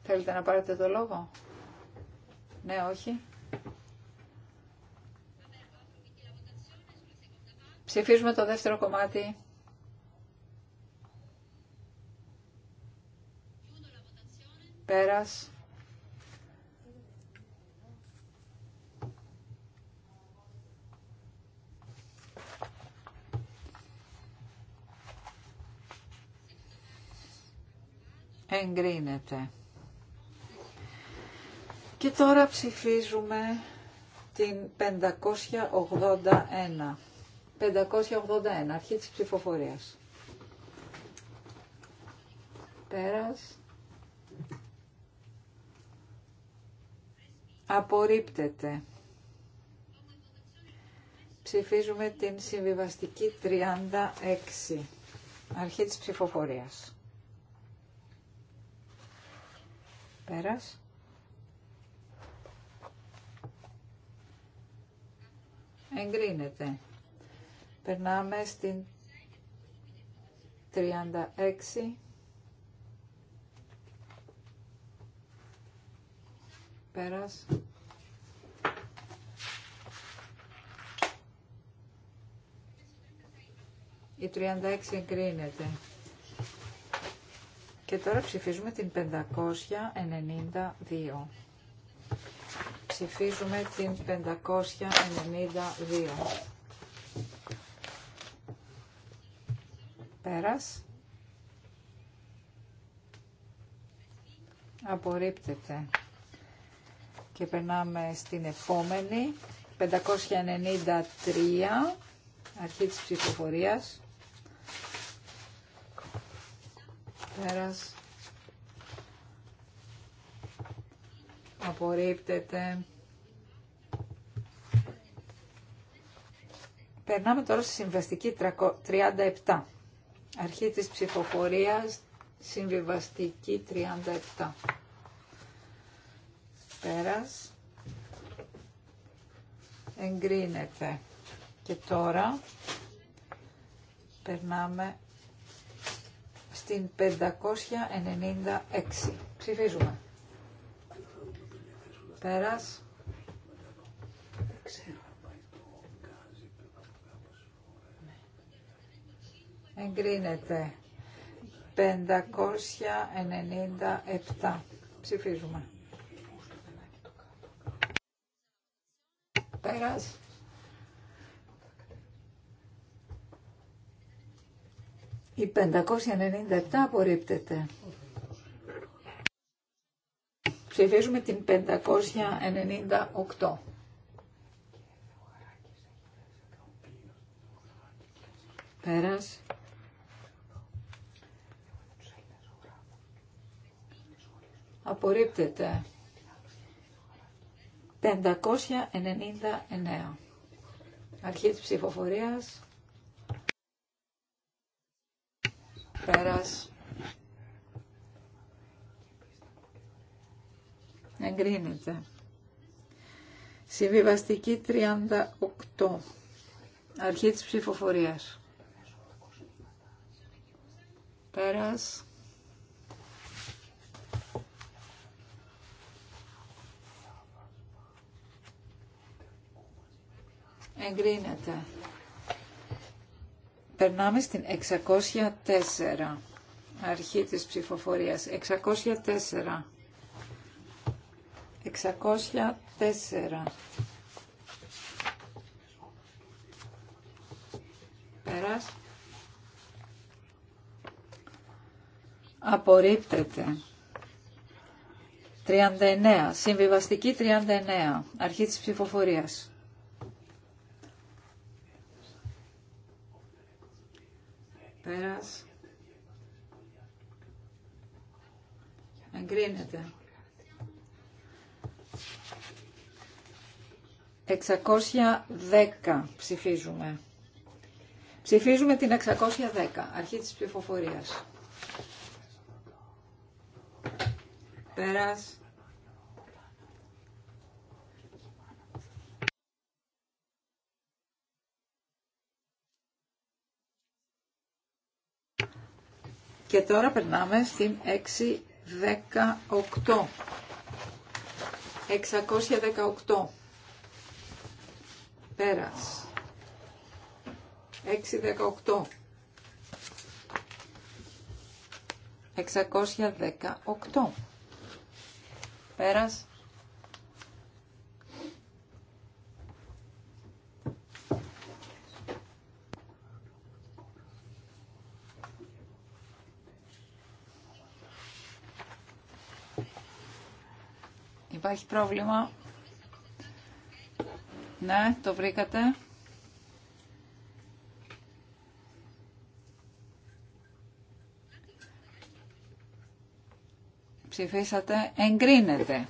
Θέλετε να πάρετε το λόγο. Ναι, όχι. Ψηφίζουμε το δεύτερο κομμάτι Πέρας. Εγκρίνεται. Και τώρα ψηφίζουμε την 581. 581, αρχή της ψηφοφορίας. Πέρας. Απορρίπτεται. Ψηφίζουμε την συμβιβαστική 36. Αρχή της ψηφοφορίας. Πέρας. Εγκρίνεται. Περνάμε στην 36 Πέρας. Η 36 εγκρίνεται. Και τώρα ψηφίζουμε την 592. Ψηφίζουμε την 592. Πέρας. Απορρίπτεται. Και περνάμε στην επόμενη, 593, αρχή της ψηφοφορίας. Πέρας. Απορρίπτεται. Περνάμε τώρα στη συμβαστική 37. Αρχή της ψηφοφορίας, συμβιβαστική 37. Πέρας. Εγκρίνεται. Και τώρα περνάμε στην 596. Ψηφίζουμε. Πέρας. Εγκρίνεται. 597. Ψηφίζουμε. πέρας. Η 597 απορρίπτεται. Ψηφίζουμε την 598. Πέρας. Απορρίπτεται. 599. Αρχή της ψηφοφορίας. Πέρας. Εγκρίνεται. Συμβιβαστική 38. Αρχή της ψηφοφορίας. Πέρας. εγκρίνεται. Περνάμε στην 604. Αρχή της ψηφοφορίας. 604. 604. Πέρας. Απορρίπτεται. 39. Συμβιβαστική 39. Αρχή της ψηφοφορίας. 610 ψηφίζουμε. Ψηφίζουμε την 610, αρχή της ψηφοφορίας. Πέρας. Και τώρα περνάμε στην 618. 618. Πέρας. 618. 618. Πέρας. Υπάρχει πρόβλημα ναι, το βρήκατε. Ψηφίσατε. Εγκρίνεται.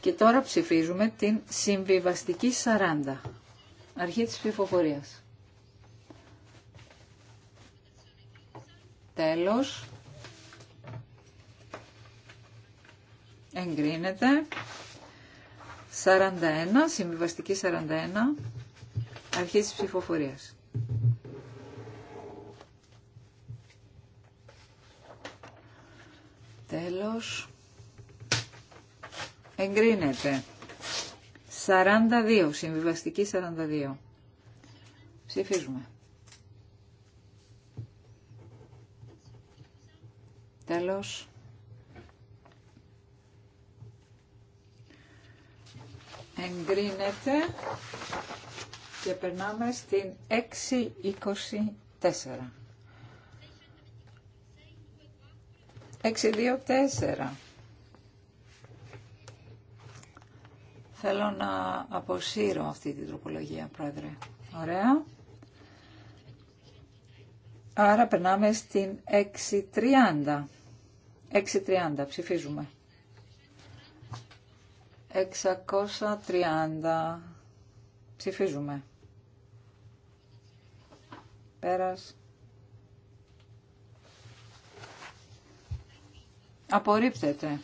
Και τώρα ψηφίζουμε την συμβιβαστική 40. Αρχή της ψηφοφορίας. Τέλος. Εγκρίνεται. 41, συμβιβαστική 41, αρχή της ψηφοφορίας. Τέλος. Εγκρίνεται. 42, συμβιβαστική 42. Ψηφίζουμε. Τέλος. εγκρίνεται και περνάμε στην 624. 624. Θέλω να αποσύρω αυτή την τροπολογία, Πρόεδρε. Ωραία. Άρα περνάμε στην 6.30. 6.30 ψηφίζουμε. 630. Ψηφίζουμε. Πέρας. Απορρίπτεται.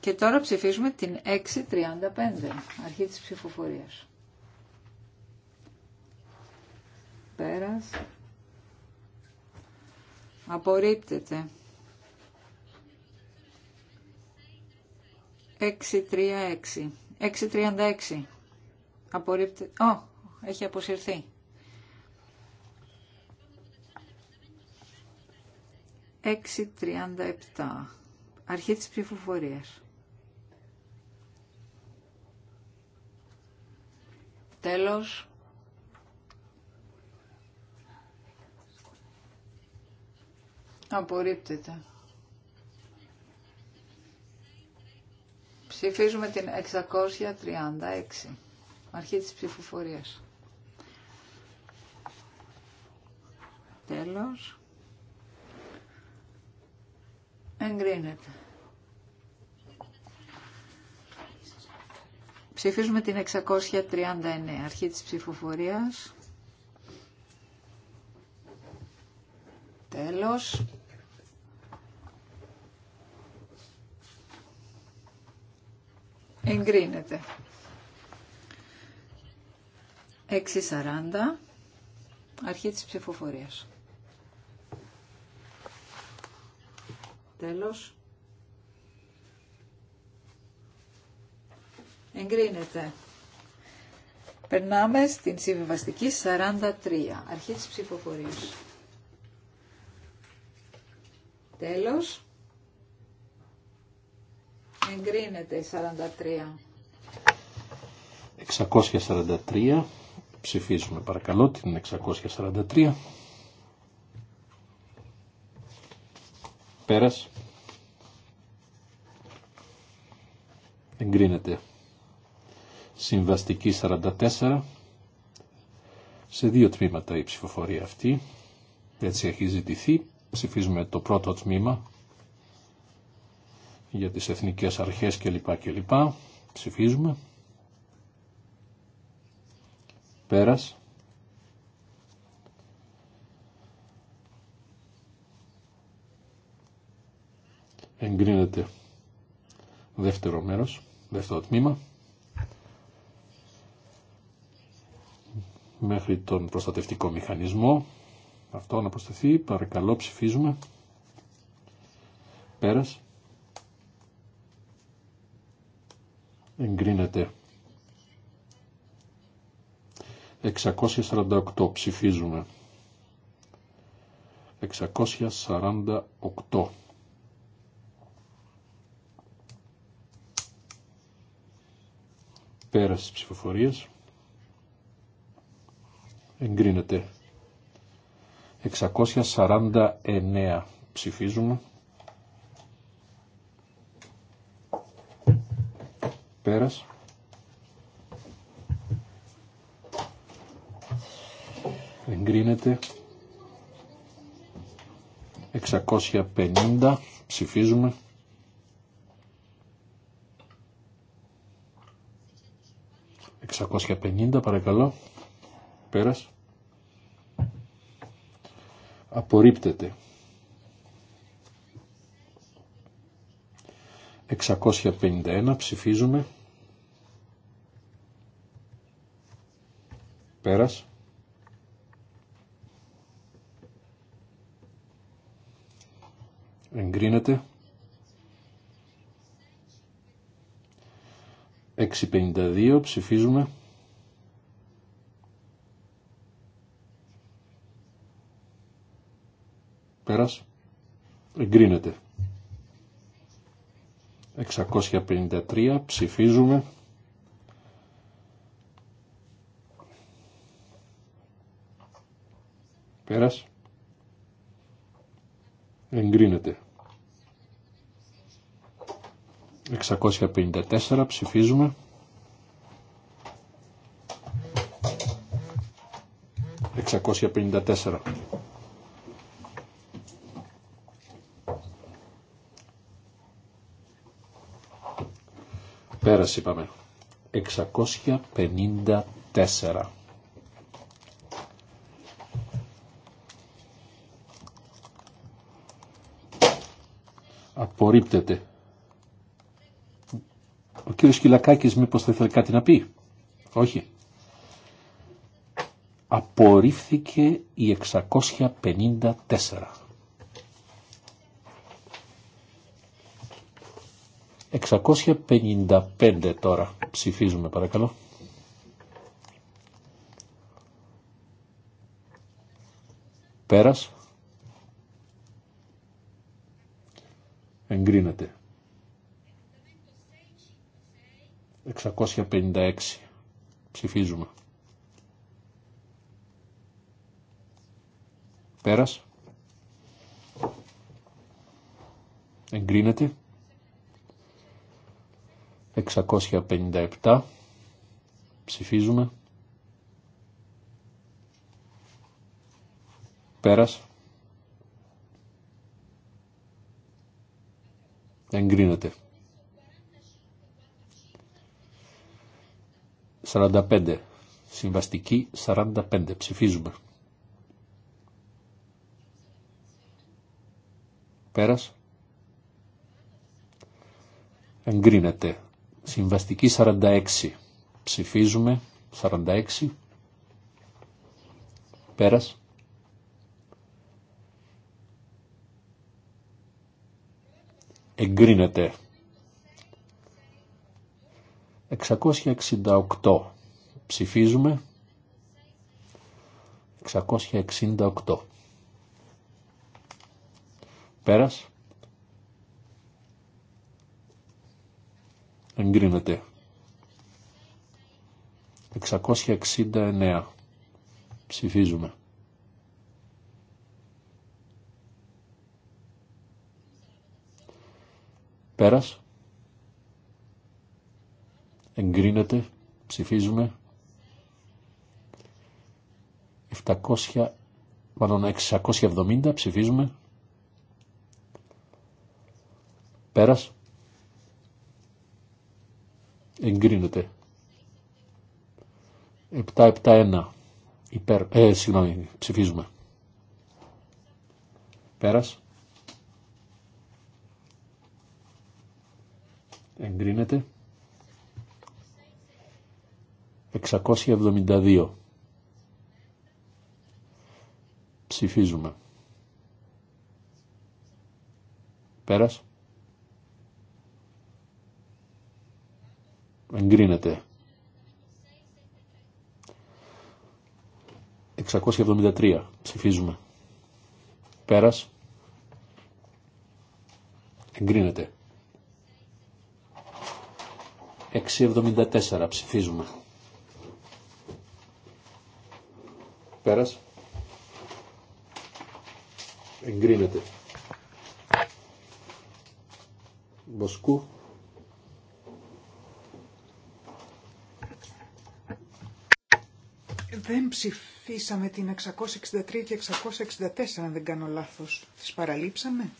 Και τώρα ψηφίζουμε την 635, αρχή της ψηφοφορίας. Πέρας. Απορρίπτεται. 636. 636. Απορρίπτε. Ω, έχει αποσυρθεί. 6.37. Αρχή της ψηφοφορίας. Τέλος. Απορρίπτεται. Ψηφίζουμε την 636. Αρχή της ψηφοφορίας. Τέλος. Εγκρίνεται. Ψηφίζουμε την 639. Αρχή της ψηφοφορίας. Τέλος. εγκρίνεται. 6.40 αρχή της ψηφοφορίας. Τέλος. Εγκρίνεται. Περνάμε στην συμβιβαστική 43, αρχή της ψηφοφορίας. Τέλος. Εγκρίνεται η 43. 643. Ψηφίζουμε παρακαλώ την 643. Πέρας. Εγκρίνεται. Συμβαστική 44. Σε δύο τμήματα η ψηφοφορία αυτή. Έτσι έχει ζητηθεί. Ψηφίζουμε το πρώτο τμήμα για τις εθνικές αρχές κλπ. κλπ. Ψηφίζουμε. Πέρας. Εγκρίνεται δεύτερο μέρος, δεύτερο τμήμα. Μέχρι τον προστατευτικό μηχανισμό. Αυτό να προσθεθεί. Παρακαλώ ψηφίζουμε. Πέρας. εγκρίνεται 648 ψηφίζουμε 648 Πέραση της ψηφοφορίας εγκρίνεται 649 ψηφίζουμε Πέρας. Εγκρίνεται. 650. Ψηφίζουμε. 650 παρακαλώ. Πέρας. Απορρίπτεται. 651 ψηφίζουμε. Πέρας. Εγκρίνεται. 652 ψηφίζουμε. Πέρας. Εγκρίνεται. 653 ψηφίζουμε. Πέρας. Εγκρίνεται. 654 ψηφίζουμε. 654. πέρας είπαμε. 654. Απορρίπτεται. Ο κύριος Κυλακάκης μήπως θα ήθελε κάτι να πει. Όχι. Απορρίφθηκε η 654. 655 τώρα. Ψηφίζουμε παρακαλώ. Πέρας. Εγκρίνεται. 656. Ψηφίζουμε. Πέρας. Εγκρίνεται. 657 ψηφίζουμε πέρας εγκρίνεται 45 συμβαστική 45 ψηφίζουμε πέρας εγκρίνεται Συμβαστική 46. Ψηφίζουμε 46. Πέρας. Εγκρίνεται. 668. Ψηφίζουμε. 668. Πέρας. εγκρίνεται. 669 ψηφίζουμε. Πέρας. Εγκρίνεται. Ψηφίζουμε. 700, μάλλον 670 ψηφίζουμε. Πέρας εγκρίνεται. 771 υπέρ, ε, συγγνώμη, ψηφίζουμε. Πέρας. Εγκρίνεται. 672. Ψηφίζουμε. Πέρας. εγκρίνεται. 673 ψηφίζουμε. Πέρας. Εγκρίνεται. 674 ψηφίζουμε. Πέρας. Εγκρίνεται. Μποσκού δεν ψηφίσαμε την 663 και 664, αν δεν κάνω λάθος. Τις παραλείψαμε.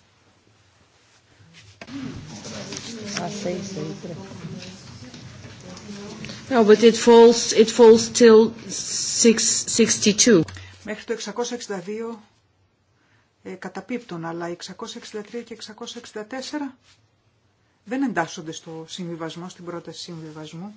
No, but it falls, it falls till 662. Μέχρι το 662 ε, αλλά η 663 και 664 δεν εντάσσονται στο συμβιβασμό, στην πρόταση συμβιβασμού.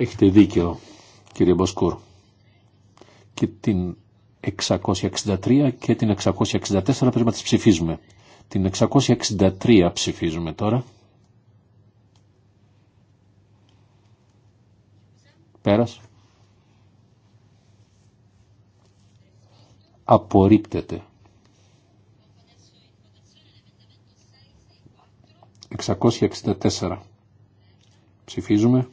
Έχετε δίκιο, κύριε Μποσκούρ. Και την 663 και την 664 πρέπει να τις ψηφίζουμε. Την 663 ψηφίζουμε τώρα. Πέρας. Απορρίπτεται. 664. Ψηφίζουμε.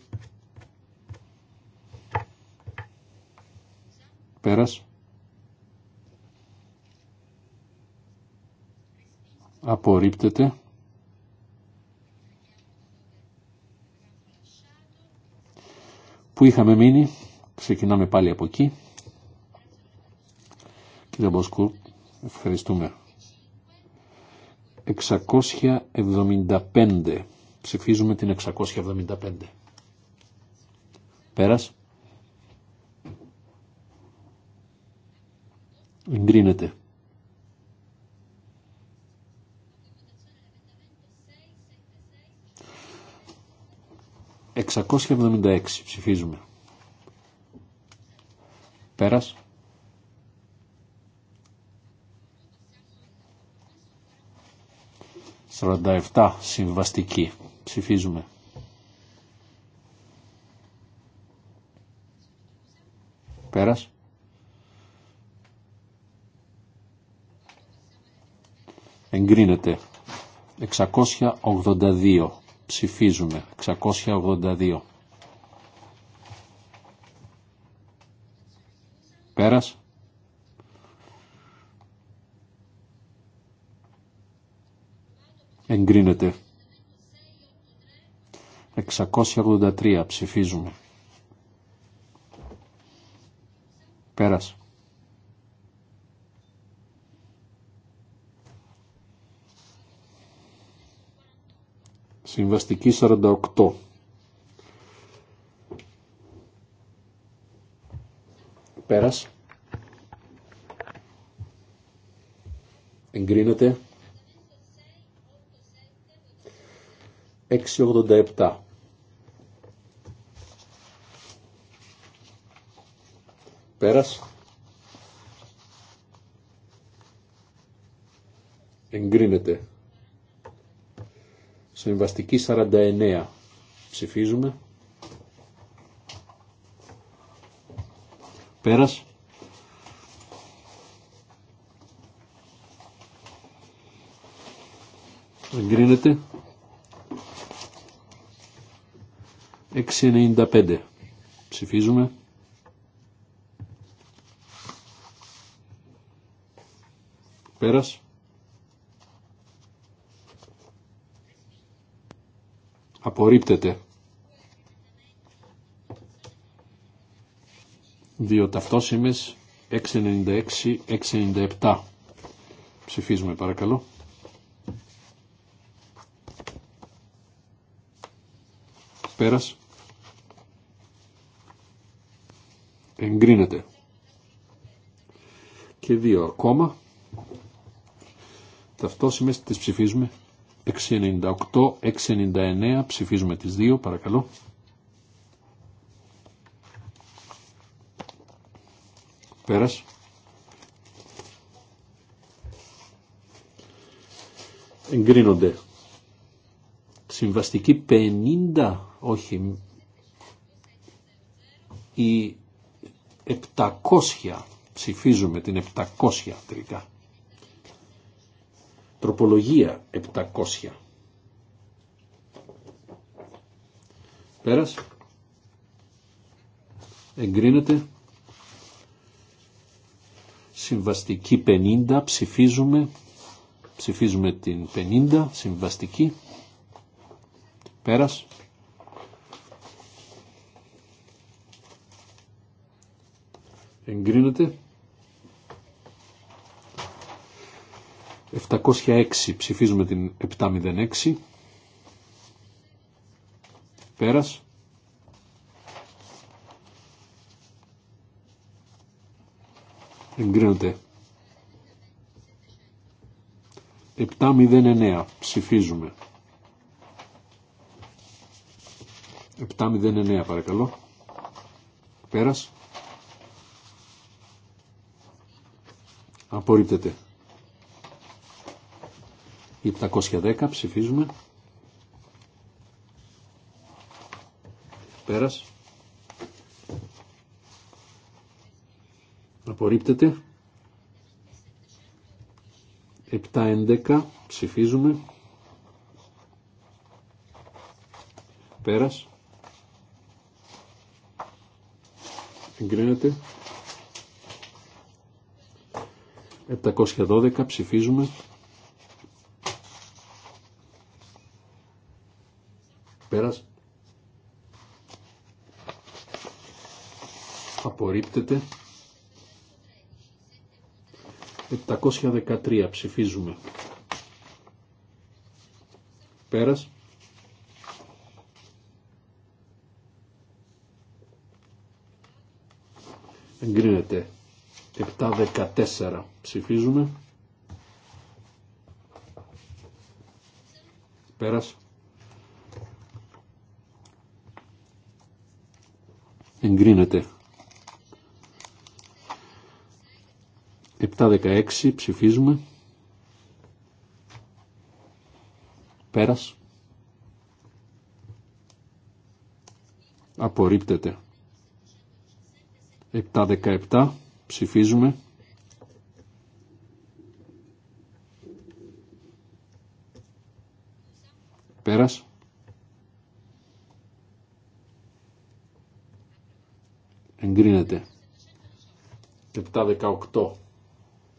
Πέρας. απορρίπτεται που είχαμε μείνει ξεκινάμε πάλι από εκεί κύριε Μποσκού ευχαριστούμε 675 ψηφίζουμε την 675 πέρας εγκρίνεται 676 ψηφίζουμε. Πέρας. Σαρανταεφτά συμβαστική ψηφίζουμε. Πέρας. Εγκρίνεται. 682 Ψηφίζουμε. 682. Πέρας. Εγκρίνεται. 683 ψηφίζουμε. Πέρας. Συμβαστική 48. Πέρας. Εγκρίνεται. 687. Πέρας. Εγκρίνεται. Συμβαστική 49. Ψηφίζουμε. Πέρας. Εγκρίνεται. 695. Ψηφίζουμε. Πέρας. απορρίπτεται. Δύο ταυτόσημες 696-697. Ψηφίζουμε παρακαλώ. Πέρας. Εγκρίνεται. Και δύο ακόμα. Ταυτόσημες τις ψηφίζουμε 698, 699, ψηφίζουμε τις δύο, παρακαλώ. Πέρας. Εγκρίνονται. Συμβαστική 50, όχι, η 700, ψηφίζουμε την 700 τελικά. Τροπολογία 700. Πέρας. Εγκρίνεται. Συμβαστική 50. Ψηφίζουμε. Ψηφίζουμε την 50. Συμβαστική. Πέρας. Εγκρίνεται. 706 ψηφίζουμε την 706. Πέρας. Εγκρίνονται. 709 ψηφίζουμε. 709 παρακαλώ. Πέρας. Απορρίπτεται. Η 710 ψηφίζουμε. Πέρας. Απορρίπτεται. 711 ψηφίζουμε. Πέρας. Εγκρίνεται. 712 ψηφίζουμε. σκέφτεται 713 ψηφίζουμε. Πέρας. Εγκρίνεται. 714 ψηφίζουμε. Πέρας. Εγκρίνεται. 7-16 ψηφίζουμε. Πέρας. Απορρίπτεται. 7-17 ψηφίζουμε. Πέρας. Εγκρίνεται. 718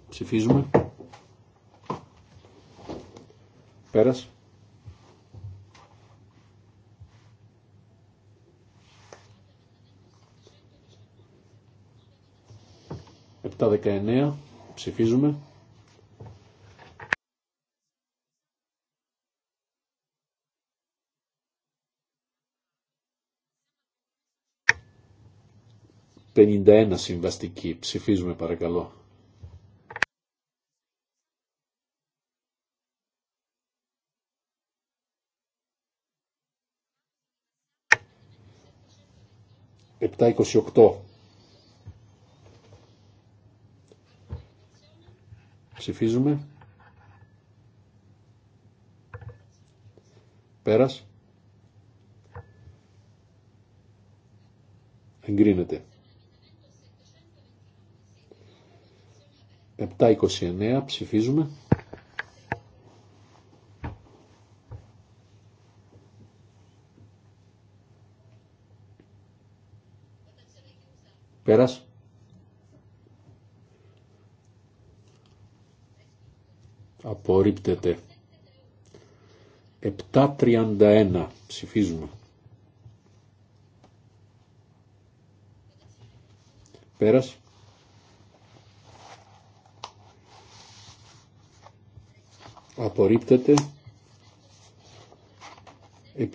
Ψηφίζουμε. Πέρας. Επτά δεκαεννέα. Ψηφίζουμε. Πενήντα ένα συμβαστική. Ψηφίζουμε παρακαλώ. 728. Ψηφίζουμε. Πέρας. Εγκρίνεται. 729 ψηφίζουμε. Πέρας. Απορρίπτεται. 7.31 ψηφίζουμε. Πέρας. Απορρίπτεται.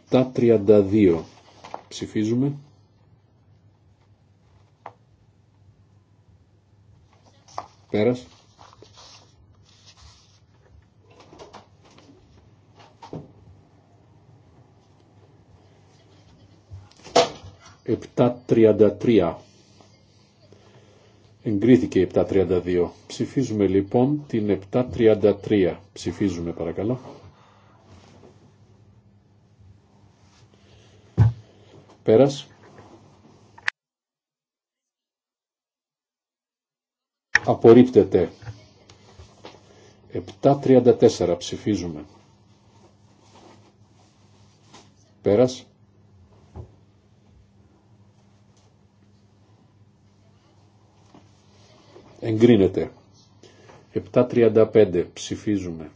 7.32 ψηφίζουμε. Πέρας. Επτά Εγκρίθηκε 732. Ψηφίζουμε λοιπόν την 733. Ψηφίζουμε παρακαλώ. Πέρας. Απορρίπτεται. 734 ψηφίζουμε. Πέρας. Εγκρίνεται. 735 ψηφίζουμε.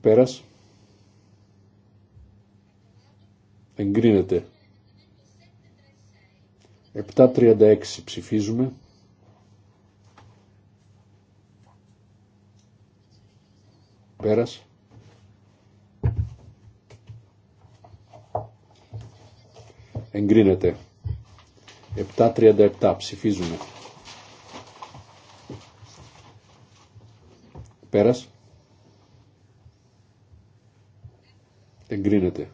Πέρας. Εγκρίνεται. 736 ψηφίζουμε. Πέρας. Εγκρίνεται. 737 ψηφίζουμε. Πέρας. Εγκρίνεται.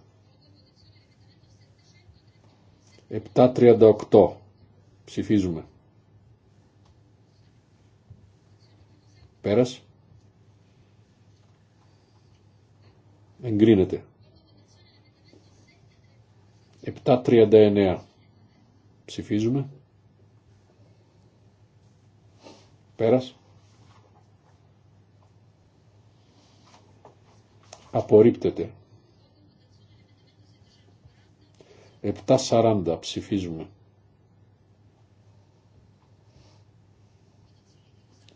738. Ψηφίζουμε. Πέρας. Εγκρίνεται. 739. Ψηφίζουμε. Πέρας. Απορρίπτεται. 7.40 ψηφίζουμε.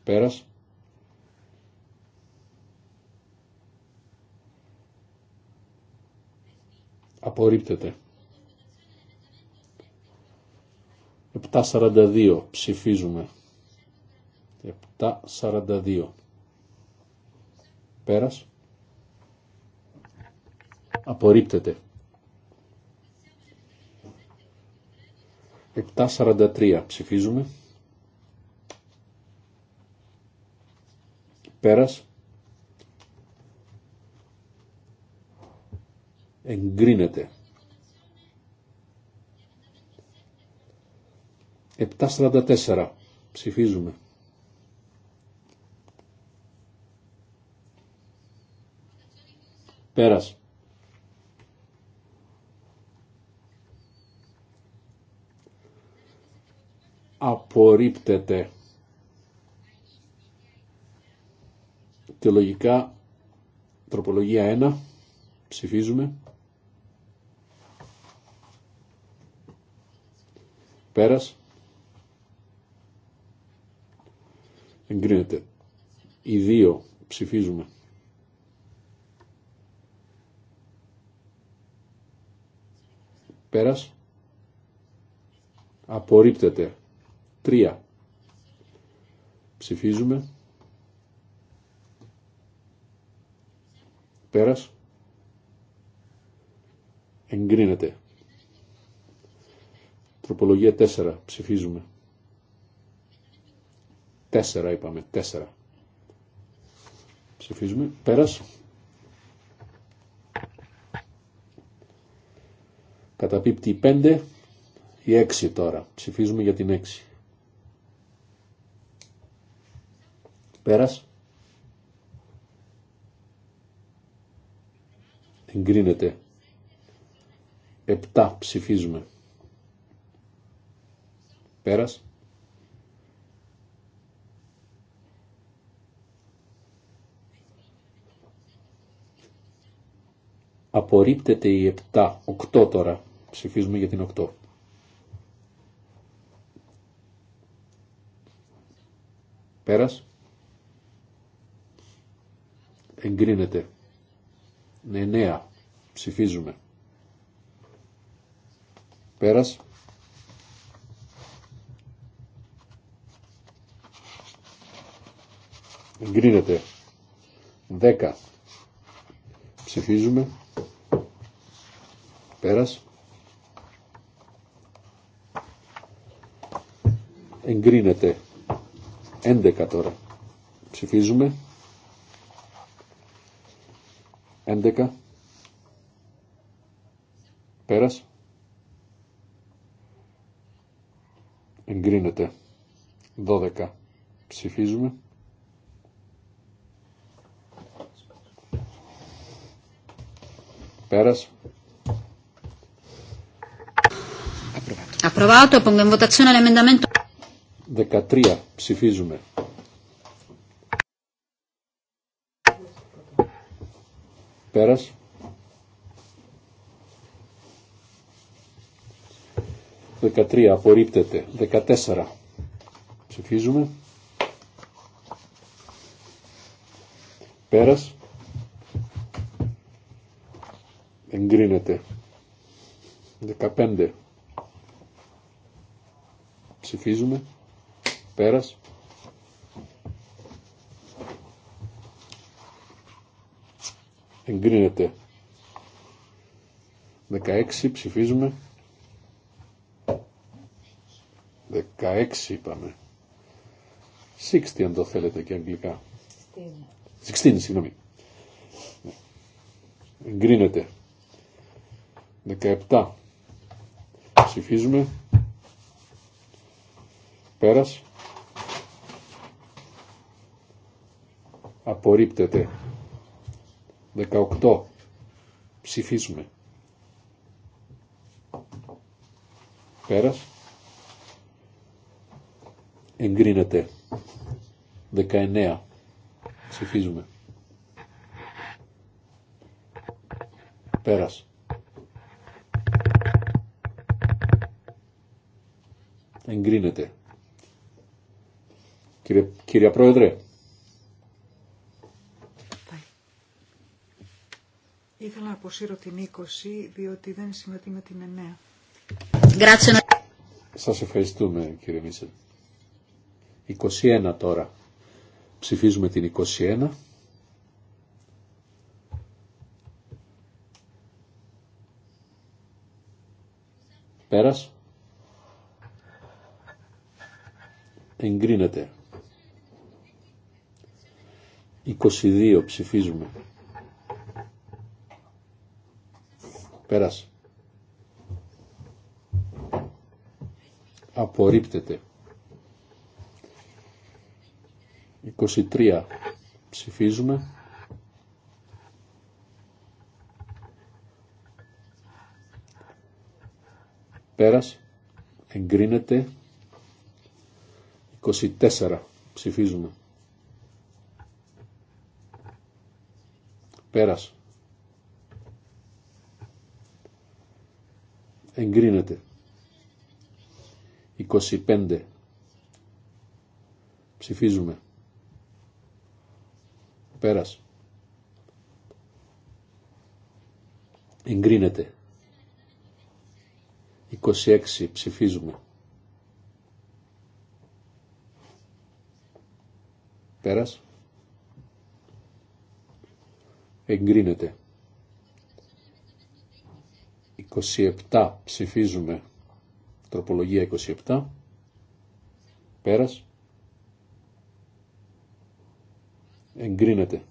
Πέρας. Απορρίπτεται. 7.42 ψηφίζουμε. 7.42. Πέρας. Απορρίπτεται. 743 ψηφίζουμε. Πέρας. Εγκρίνεται. 744 ψηφίζουμε. Πέρας. απορρίπτεται. Και τροπολογία 1 ψηφίζουμε. Πέρας. Εγκρίνεται. Οι 2 ψηφίζουμε. Πέρας. Απορρίπτεται. 3. Ψηφίζουμε. Πέρας. Εγκρίνεται. Τροπολογία 4. Ψηφίζουμε. 4 είπαμε. 4. Ψηφίζουμε. Πέρας. Καταπίπτει η 5. Η 6 τώρα. Ψηφίζουμε για την 6. Πέρας. Εγκρίνεται. 7 ψηφίζουμε. Πέρας. Απορρίπτεται η 7, 8 τώρα. Ψηφίζουμε για την 8. Πέρας εγκρίνεται. 9. Ναι, Ψηφίζουμε. Πέρας. Εγκρίνεται. 10. Ψηφίζουμε. Πέρας. Εγκρίνεται. 11 τώρα. Ψηφίζουμε. 11 πέρας εγκρίνεται 12 ψηφίζουμε πέρας Approvato, pongo in votazione l'emendamento 13 ψηφίζουμε Πέρας. Δεκατρία. Απορρίπτεται. Δεκατέσσερα. Ψηφίζουμε. Πέρας. Εγκρίνεται. Δεκαπέντε. Ψηφίζουμε. Πέρας. εγκρίνεται. 16 ψηφίζουμε. 16 είπαμε. 60 αν το θέλετε και αγγλικά. 16, 16 συγγνώμη. Εγκρίνεται. 17 ψηφίζουμε. Πέρας. Απορρίπτεται. 18. Ψηφίζουμε. Πέρας. Εγκρίνεται. 19. Ψηφίζουμε. Πέρας. Εγκρίνεται. Κύριε, κύριε Πρόεδρε, αποσύρω την 20 διότι δεν συμμετεί με την 9. Σας ευχαριστούμε κύριε Μίσελ. 21 τώρα. Ψηφίζουμε την 21. Πέρας. Εγκρίνεται. 22 ψηφίζουμε. Πέρασε. Απορρίπτεται. 23. Ψηφίζουμε. Πέρας. Εγκρίνεται. 24. Ψηφίζουμε. Πέρας. εγκρίνεται. 25. Ψηφίζουμε. Πέρας. Εγκρίνεται. 26. Ψηφίζουμε. Πέρας. Εγκρίνεται. 27 ψηφίζουμε τροπολογία 27 πέρας εγκρίνεται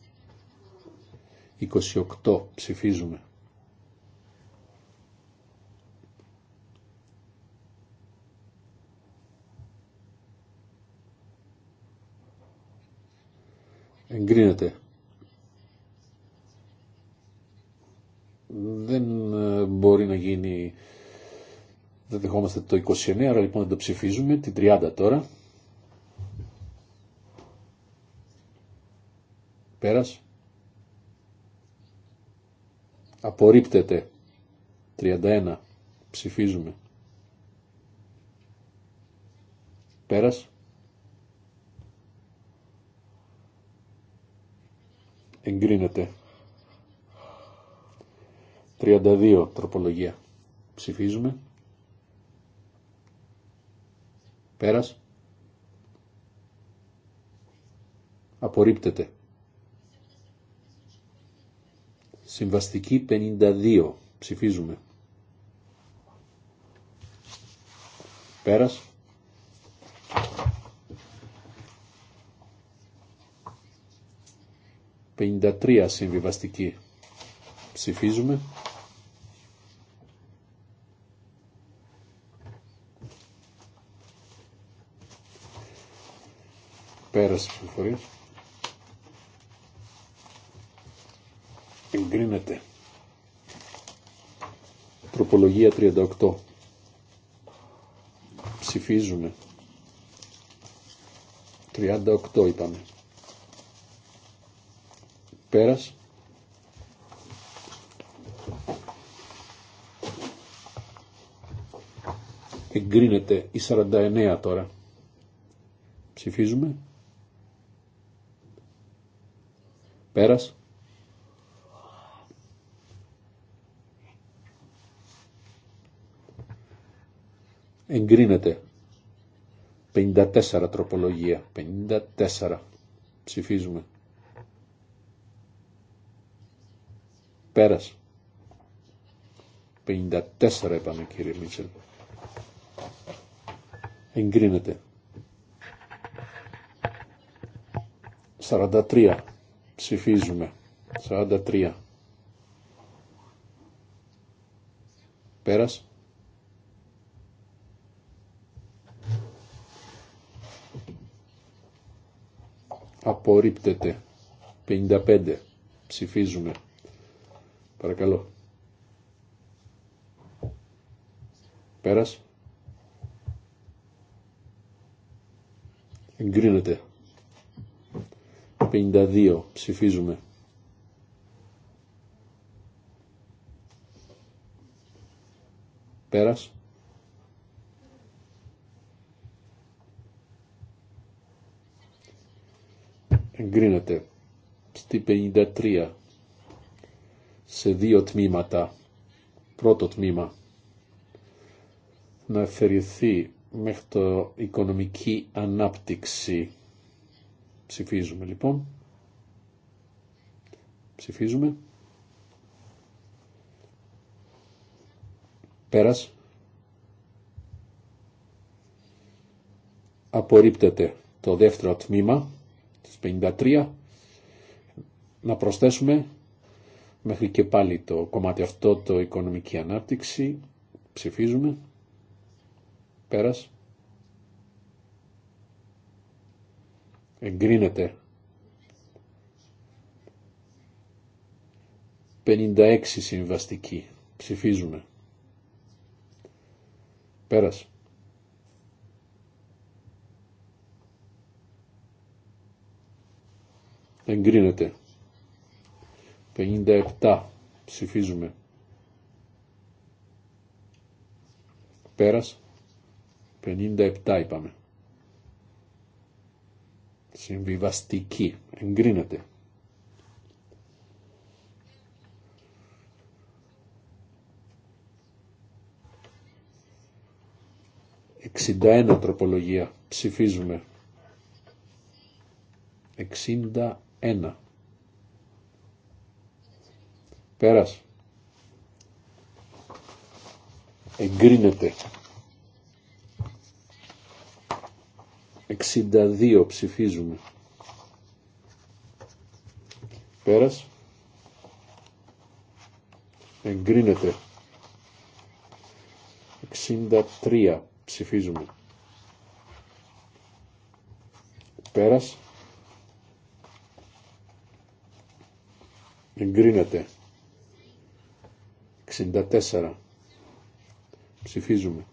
28 ψηφίζουμε εγκρίνεται Δεν δεχόμαστε το 29, άρα λοιπόν δεν το ψηφίζουμε. Την 30 τώρα. Πέρας. Απορρίπτεται. 31. Ψηφίζουμε. Πέρας. Εγκρίνεται. 32. Τροπολογία. Ψηφίζουμε. Πέρας. Απορρίπτεται. Συμβαστική 52. Ψηφίζουμε. Πέρας. 53 συμβιβαστική. Ψηφίζουμε. Πέρας της Εγκρίνεται. Τροπολογία 38. Ψηφίζουμε. 38 είπαμε. Πέρας. Εγκρίνεται η 49 τώρα. Ψηφίζουμε. Πέρας. Εγκρίνεται. 54 τροπολογία. 54. Ψηφίζουμε. Πέρας. 54 είπαμε κύριε Μίτσελ. Εγκρίνεται. 43 Ψηφίζουμε. 43. Πέρας. Απορρίπτεται. 55. Ψηφίζουμε. Παρακαλώ. Πέρας. Εγκρίνεται. 52. ψηφίζουμε. Πέρας. Εγκρίνεται στη 53 σε δύο τμήματα. Πρώτο τμήμα να αφαιρεθεί μέχρι το οικονομική ανάπτυξη Ψηφίζουμε λοιπόν. Ψηφίζουμε. Πέρας. Απορρίπτεται το δεύτερο τμήμα της 53. Να προσθέσουμε μέχρι και πάλι το κομμάτι αυτό το οικονομική ανάπτυξη. Ψηφίζουμε. Πέρας. εγκρίνεται 56 συμβαστική ψηφίζουμε πέρασε εγκρίνεται 57 ψηφίζουμε πέρας 57 είπαμε Συμβιβαστική. Εγκρίνεται. Εξήντα τροπολογία. Ψηφίζουμε. Εξήντα ένα. Πέρας. Εγκρίνεται. 62 ψηφίζουμε. Πέρας. Εγκρίνεται. 63 ψηφίζουμε. Πέρας. Εγκρίνεται. 64 ψηφίζουμε.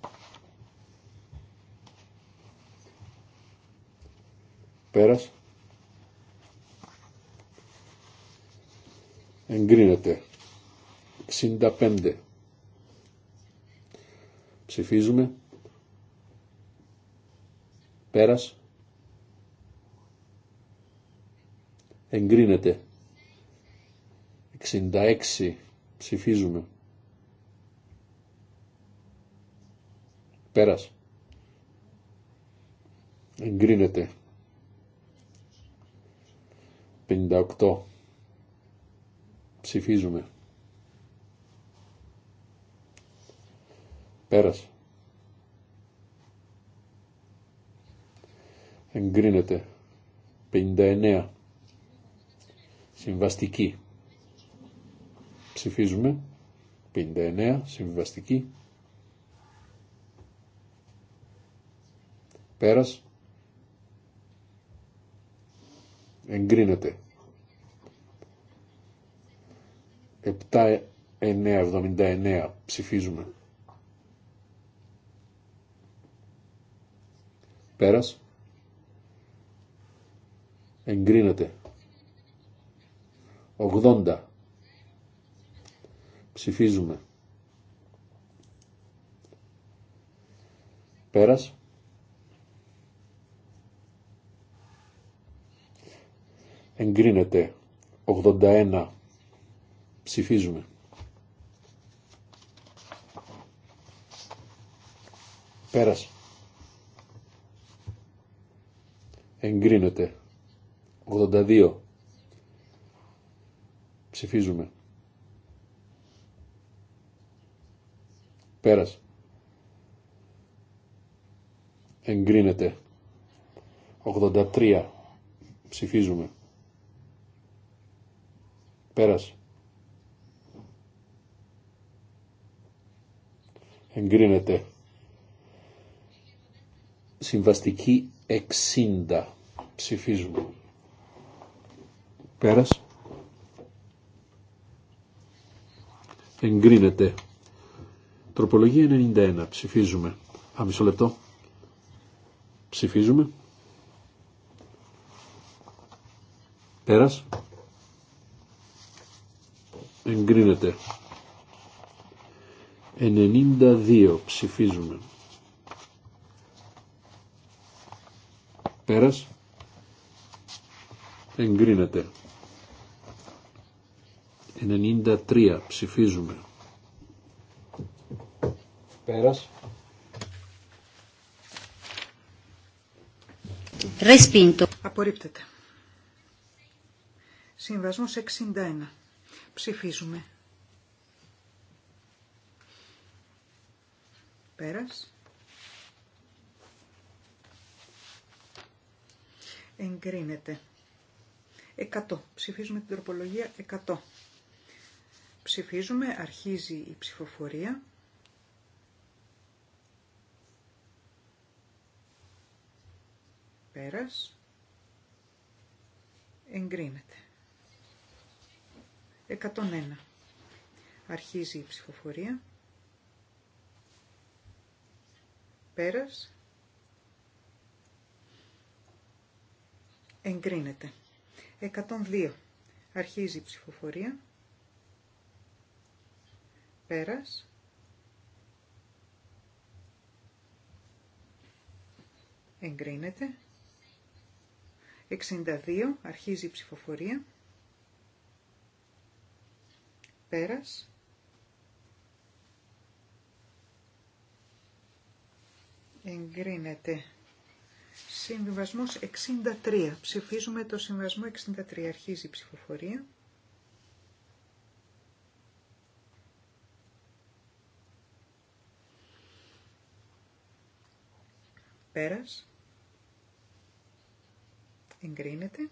Πέρας. Εγκρίνεται. 65. Ψηφίζουμε. Πέρας. Εγκρίνεται. 66. Ψηφίζουμε. Πέρας. Εγκρίνεται. 58. Ψηφίζουμε. Πέρασε. Εγκρίνεται. 59. Συμβαστική. Ψηφίζουμε. 59. Συμβαστική. Πέρασε. εγκρίνεται. ψηφίζουμε. Πέρας. Εγκρίνεται. 80. Ψηφίζουμε. Πέρας. εγκρίνεται 81 ψηφίζουμε πέρας εγκρίνεται 82 ψηφίζουμε πέρας εγκρίνεται 83 ψηφίζουμε Πέρασε. Εγκρίνεται. Συμβαστική 60. Ψηφίζουμε. Πέρασε. Εγκρίνεται. Τροπολογία 91. Ψηφίζουμε. Α, λεπτό. Ψηφίζουμε. Πέρας εγκρίνεται 92 ψηφίζουμε πέρας εγκρίνεται 93 ψηφίζουμε πέρας Respinto. Απορρίπτεται. Συμβασμός 61. Ψηφίζουμε. Πέρας. Εγκρίνεται. 100. Ψηφίζουμε την τροπολογία 100. Ψηφίζουμε, αρχίζει η ψηφοφορία. Πέρας. Εγκρίνεται. 101. Αρχίζει η ψηφοφορία. Πέρας. Εγκρίνεται. 102. Αρχίζει η ψηφοφορία. Πέρας. Εγκρίνεται. 62. Αρχίζει η ψηφοφορία. Πέρας. Εγκρίνεται. Συμβιβασμός 63. Ψηφίζουμε το συμβιβασμό 63. Αρχίζει η ψηφοφορία. Πέρας. Εγκρίνεται.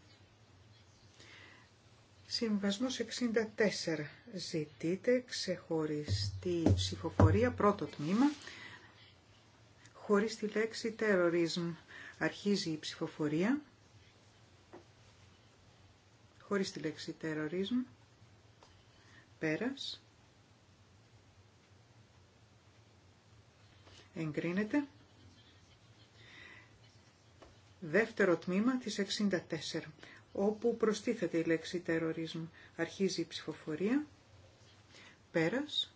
Συμβασμός 64. Ζητείτε ξεχωριστή ψηφοφορία, πρώτο τμήμα, χωρίς τη λέξη terrorism. Αρχίζει η ψηφοφορία, χωρίς τη λέξη terrorism, πέρας, εγκρίνεται, δεύτερο τμήμα της 64 όπου προστίθεται η λέξη terrorism. Αρχίζει η ψηφοφορία. Πέρας.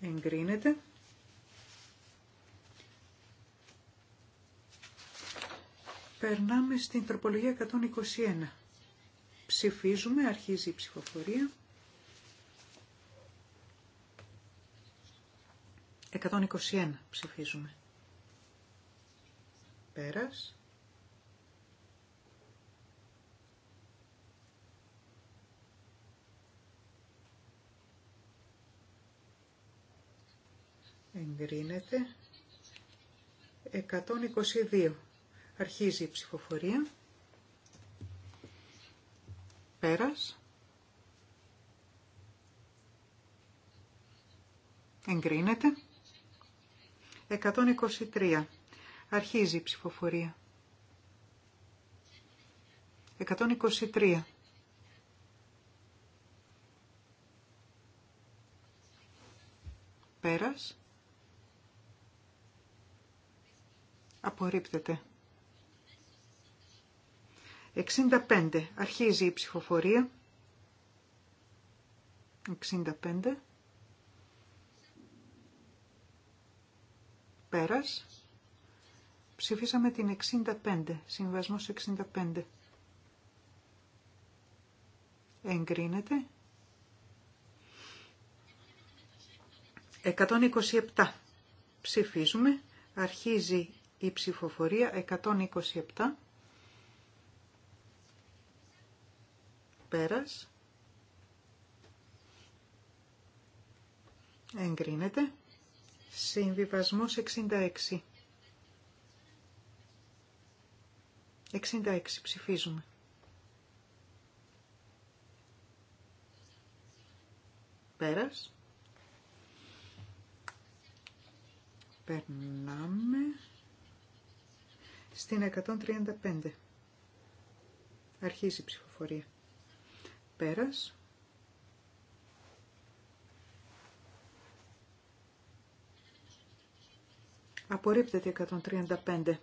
Εγκρίνεται. Περνάμε στην τροπολογία 121. Ψηφίζουμε, αρχίζει η ψηφοφορία. 121 ψηφίζουμε. Πέρας. εγκρίνεται. 122. Αρχίζει η ψηφοφορία. Πέρας. Εγκρίνεται. 123. Αρχίζει η ψηφοφορία. 123. Πέρας. Απορρίπτεται. 65. Αρχίζει η ψηφοφορία. 65. Πέρας. Ψηφίσαμε την 65. Συμβασμός 65. Εγκρίνεται. 127. Ψηφίζουμε. Αρχίζει η ψηφοφορία 127 πέρας εγκρίνεται συμβιβασμός 66 66 ψηφίζουμε πέρας περνάμε στην 135. Αρχίζει η ψηφοφορία. Πέρας. Απορρίπτεται 135.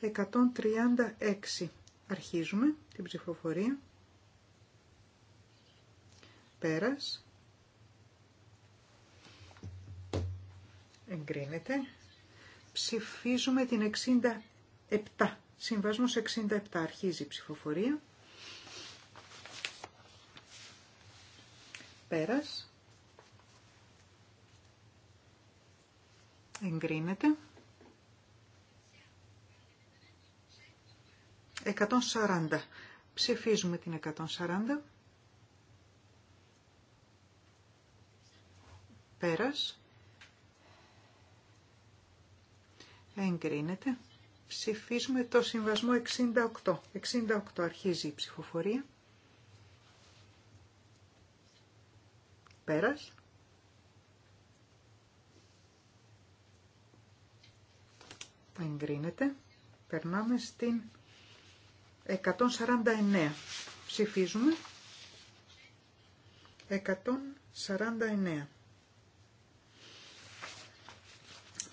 136. Αρχίζουμε την ψηφοφορία. Πέρας. Εγκρίνεται. Ψηφίζουμε την 7. Συμβασμός 67. Αρχίζει η ψηφοφορία. Πέρας. Εγκρίνεται. 140. Ψηφίζουμε την 140. Πέρας. Εγκρίνεται ψηφίζουμε το συμβασμό 68. 68 αρχίζει η ψηφοφορία. Πέρας. Εγκρίνεται. Περνάμε στην 149. Ψηφίζουμε. 149.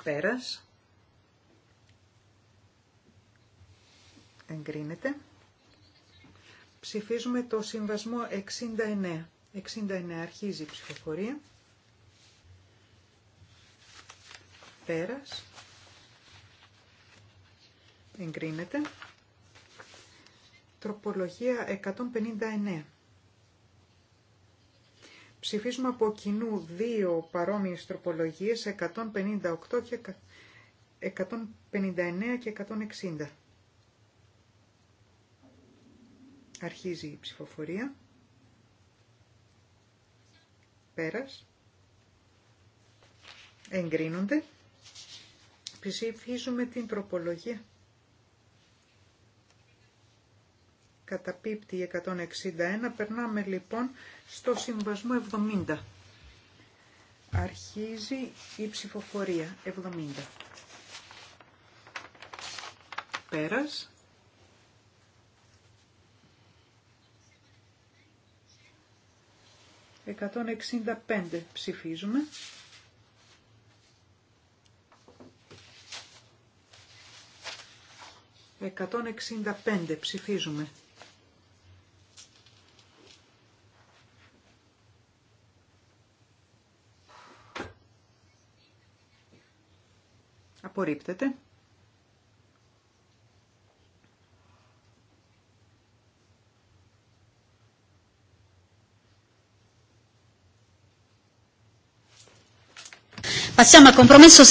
Πέρας. εγκρίνεται. Ψηφίζουμε το συμβασμό 69. 69 αρχίζει η ψηφοφορία. Πέρας. Εγκρίνεται. Τροπολογία 159. Ψηφίζουμε από κοινού δύο παρόμοιες τροπολογίες, 158 και 159 και 160. Αρχίζει η ψηφοφορία. Πέρας. Εγκρίνονται. Ψηφίζουμε την τροπολογία. Καταπίπτει 161. Περνάμε λοιπόν στο συμβασμό 70. Αρχίζει η ψηφοφορία 70. Πέρας. 165 ψηφίζουμε. Εκατόν εξήντα πέντε ψηφίζουμε. Απορρίπτεται. Passiamo al compromesso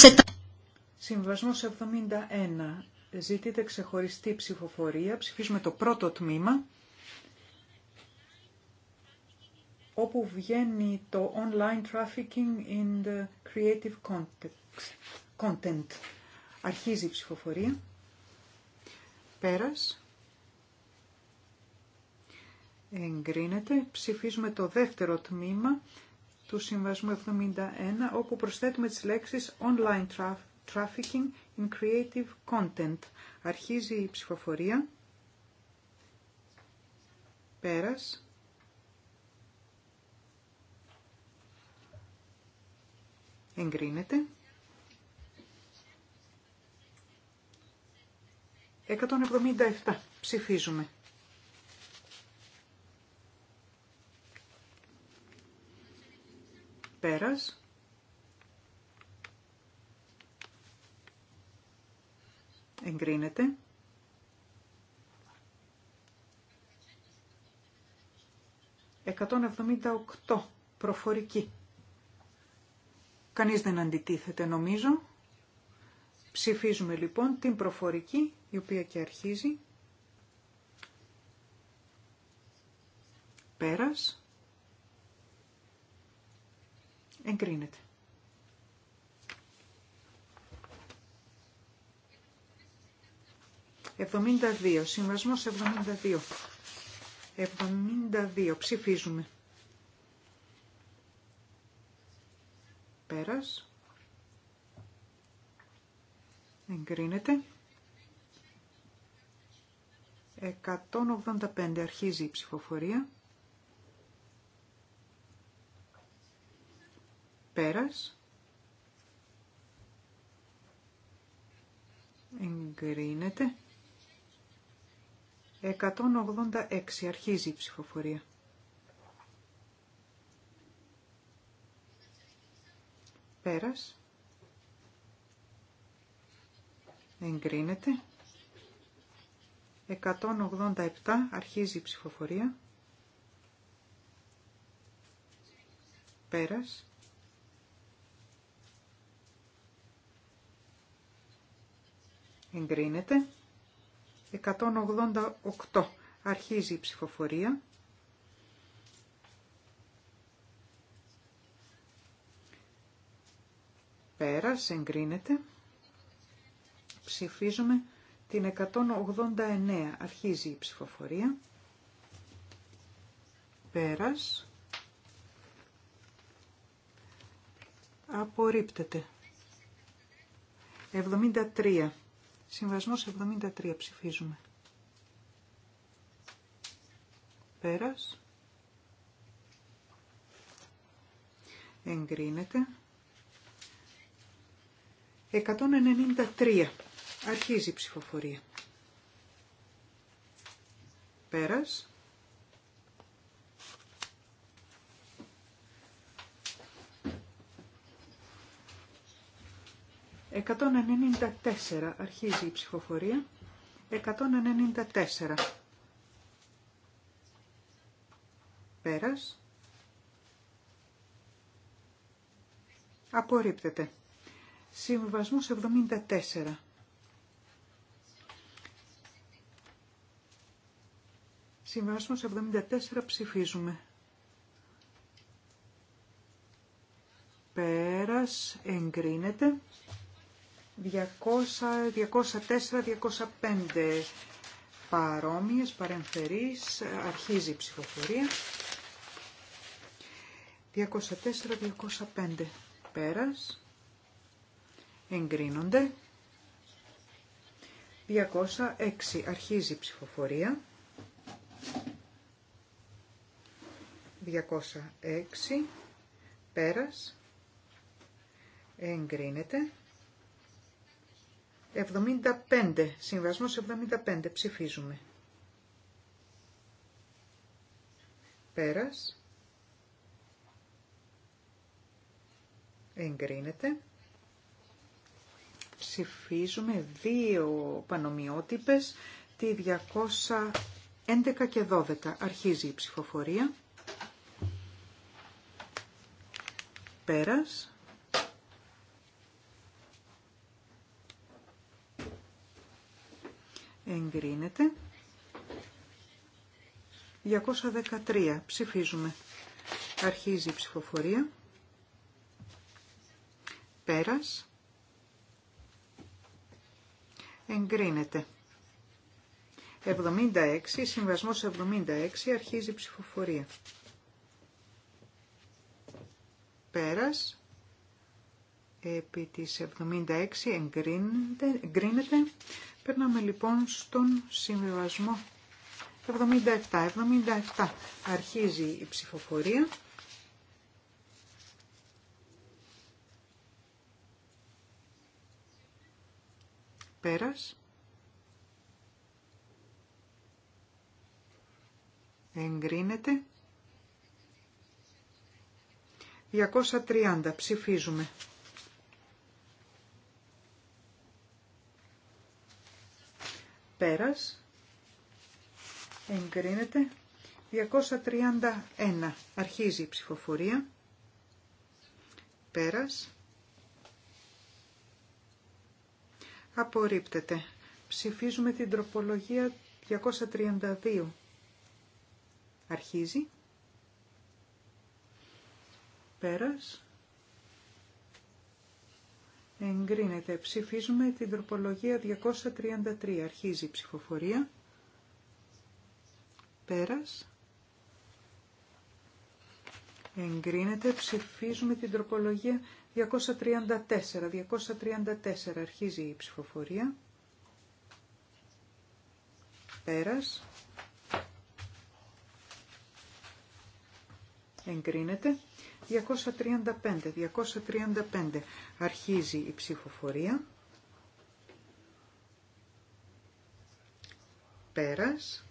Συμβασμός 71. Ζητείτε ξεχωριστή ψηφοφορία. Ψηφίζουμε το πρώτο τμήμα όπου βγαίνει το online trafficking in the creative content. Αρχίζει η ψηφοφορία. Πέρας. Εγκρίνεται. Ψηφίζουμε το δεύτερο τμήμα του Συμβασμού 71, όπου προσθέτουμε τις λέξεις online trafficking in creative content. Αρχίζει η ψηφοφορία. Πέρας. Εγκρίνεται. 177. Ψηφίζουμε. Πέρας. Εγκρίνεται. 178 προφορική. Κανείς δεν αντιτίθεται νομίζω. Ψηφίζουμε λοιπόν την προφορική η οποία και αρχίζει. Πέρας. Εγκρίνεται. 72. Συμβασμός 72. 72. Ψηφίζουμε. Πέρας. Εγκρίνεται. 185. Αρχίζει η ψηφοφορία. Πέρας. Εγκρίνεται. 186 αρχίζει η ψηφοφορία. Πέρας. Εγκρίνεται. 187 αρχίζει η ψηφοφορία. Πέρας. εγκρίνεται. 188 αρχίζει η ψηφοφορία. Πέρας εγκρίνεται. Ψηφίζουμε την 189 αρχίζει η ψηφοφορία. Πέρας. Απορρίπτεται. 73 Συμβασμός 73 ψηφίζουμε. Πέρας. Εγκρίνεται. 193. Αρχίζει η ψηφοφορία. Πέρας. 194 αρχίζει η ψηφοφορία. 194. Πέρας. Απορρίπτεται. Συμβασμός 74. Συμβασμός 74 ψηφίζουμε. Πέρας εγκρίνεται. 204-205 παρόμοιες, παρεμφερείς, αρχίζει η ψηφοφορία. 204-205 πέρας, εγκρίνονται. 206 αρχίζει η ψηφοφορία. 206 πέρας, εγκρίνεται. 75. Συμβασμός 75. Ψηφίζουμε. Πέρας. Εγκρίνεται. Ψηφίζουμε δύο πανομοιότυπες, τη 211 και 12. Αρχίζει η ψηφοφορία. Πέρας. εγκρίνεται. 213 ψηφίζουμε. Αρχίζει η ψηφοφορία. Πέρας. Εγκρίνεται. 76, συμβασμός 76, αρχίζει η ψηφοφορία. Πέρας. Επί της 76 εγκρίνεται. εγκρίνεται. Περνάμε λοιπόν στον συμβιβασμό 77. 77 αρχίζει η ψηφοφορία. Πέρας. Εγκρίνεται. 230 ψηφίζουμε. Πέρας. Εγκρίνεται. 231. Αρχίζει η ψηφοφορία. Πέρας. Απορρίπτεται. Ψηφίζουμε την τροπολογία 232. Αρχίζει. Πέρας εγκρίνεται. Ψηφίζουμε την τροπολογία 233. Αρχίζει η ψηφοφορία. Πέρας. Εγκρίνεται. Ψηφίζουμε την τροπολογία 234. 234. Αρχίζει η ψηφοφορία. Πέρας. Εγκρίνεται. 235, 235. Αρχίζει η ψηφοφορία. Πέρας.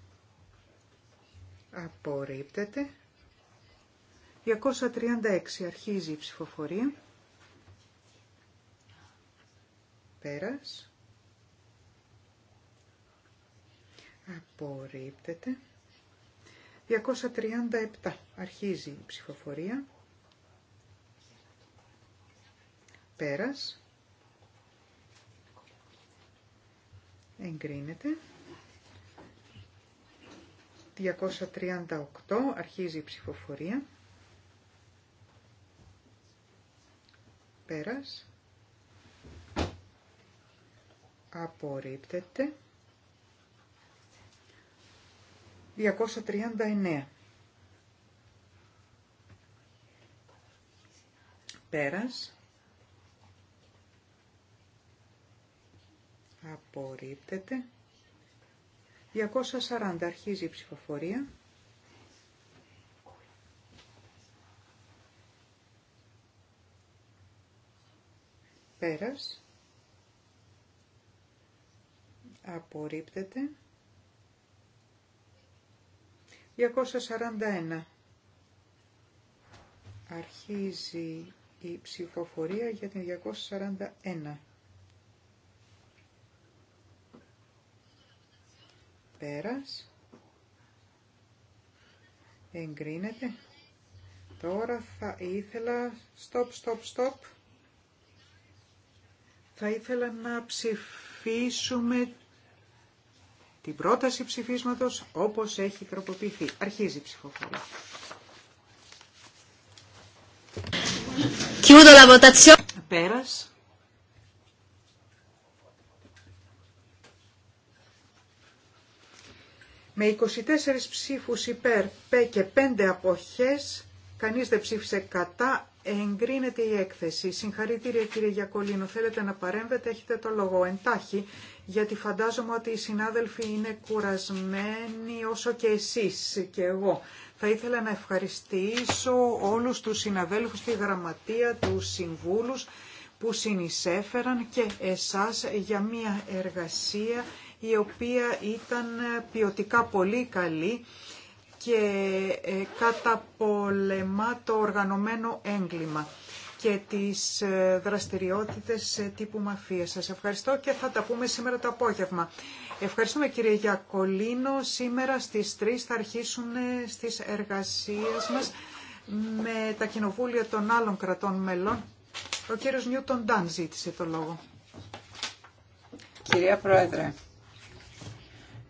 Απορρίπτεται. 236. Αρχίζει η ψηφοφορία. Πέρας. Απορρίπτεται. 237. Αρχίζει η ψηφοφορία. Πέρας. Εγκρίνεται. 238 αρχίζει η ψηφοφορία. Πέρας. Απορρίπτεται. 239. Πέρας. απορρίπτεται. 240 αρχίζει η ψηφοφορία. Πέρας. Απορρίπτεται. 241. Αρχίζει η ψηφοφορία για την 241. πέρας. Εγκρίνεται. Τώρα θα ήθελα... Stop, stop, stop. Θα ήθελα να ψηφίσουμε την πρόταση ψηφίσματος όπως έχει τροποποιηθεί. Αρχίζει η ψηφοφορία. Πέρας. Με 24 ψήφους υπέρ και 5 αποχές, κανείς δεν ψήφισε κατά, εγκρίνεται η έκθεση. Συγχαρητήρια κύριε Γιακολίνο, θέλετε να παρέμβετε, έχετε το λόγο εντάχει, γιατί φαντάζομαι ότι οι συνάδελφοι είναι κουρασμένοι όσο και εσείς και εγώ. Θα ήθελα να ευχαριστήσω όλους τους συναδέλφους στη γραμματεία, του συμβούλους που συνεισέφεραν και εσάς για μια εργασία η οποία ήταν ποιοτικά πολύ καλή και ε, καταπολεμά το οργανωμένο έγκλημα και τις ε, δραστηριότητες ε, τύπου μαφίας. Σας ευχαριστώ και θα τα πούμε σήμερα το απόγευμα. Ευχαριστούμε κύριε Γιακολίνο. Σήμερα στις 3 θα αρχίσουν στις εργασίες μας με τα κοινοβούλια των άλλων κρατών μελών. Ο κύριος Νιούτον Ντάν ζήτησε το λόγο. Κυρία Πρόεδρε.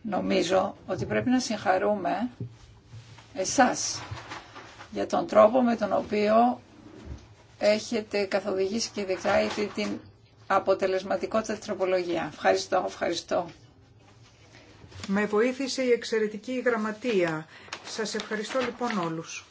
Νομίζω ότι πρέπει να συγχαρούμε εσάς για τον τρόπο με τον οποίο έχετε καθοδηγήσει και δεκτάει την αποτελεσματικότητα της τροπολογία. Ευχαριστώ, ευχαριστώ. Με βοήθησε η εξαιρετική γραμματεία. Σας ευχαριστώ λοιπόν όλους.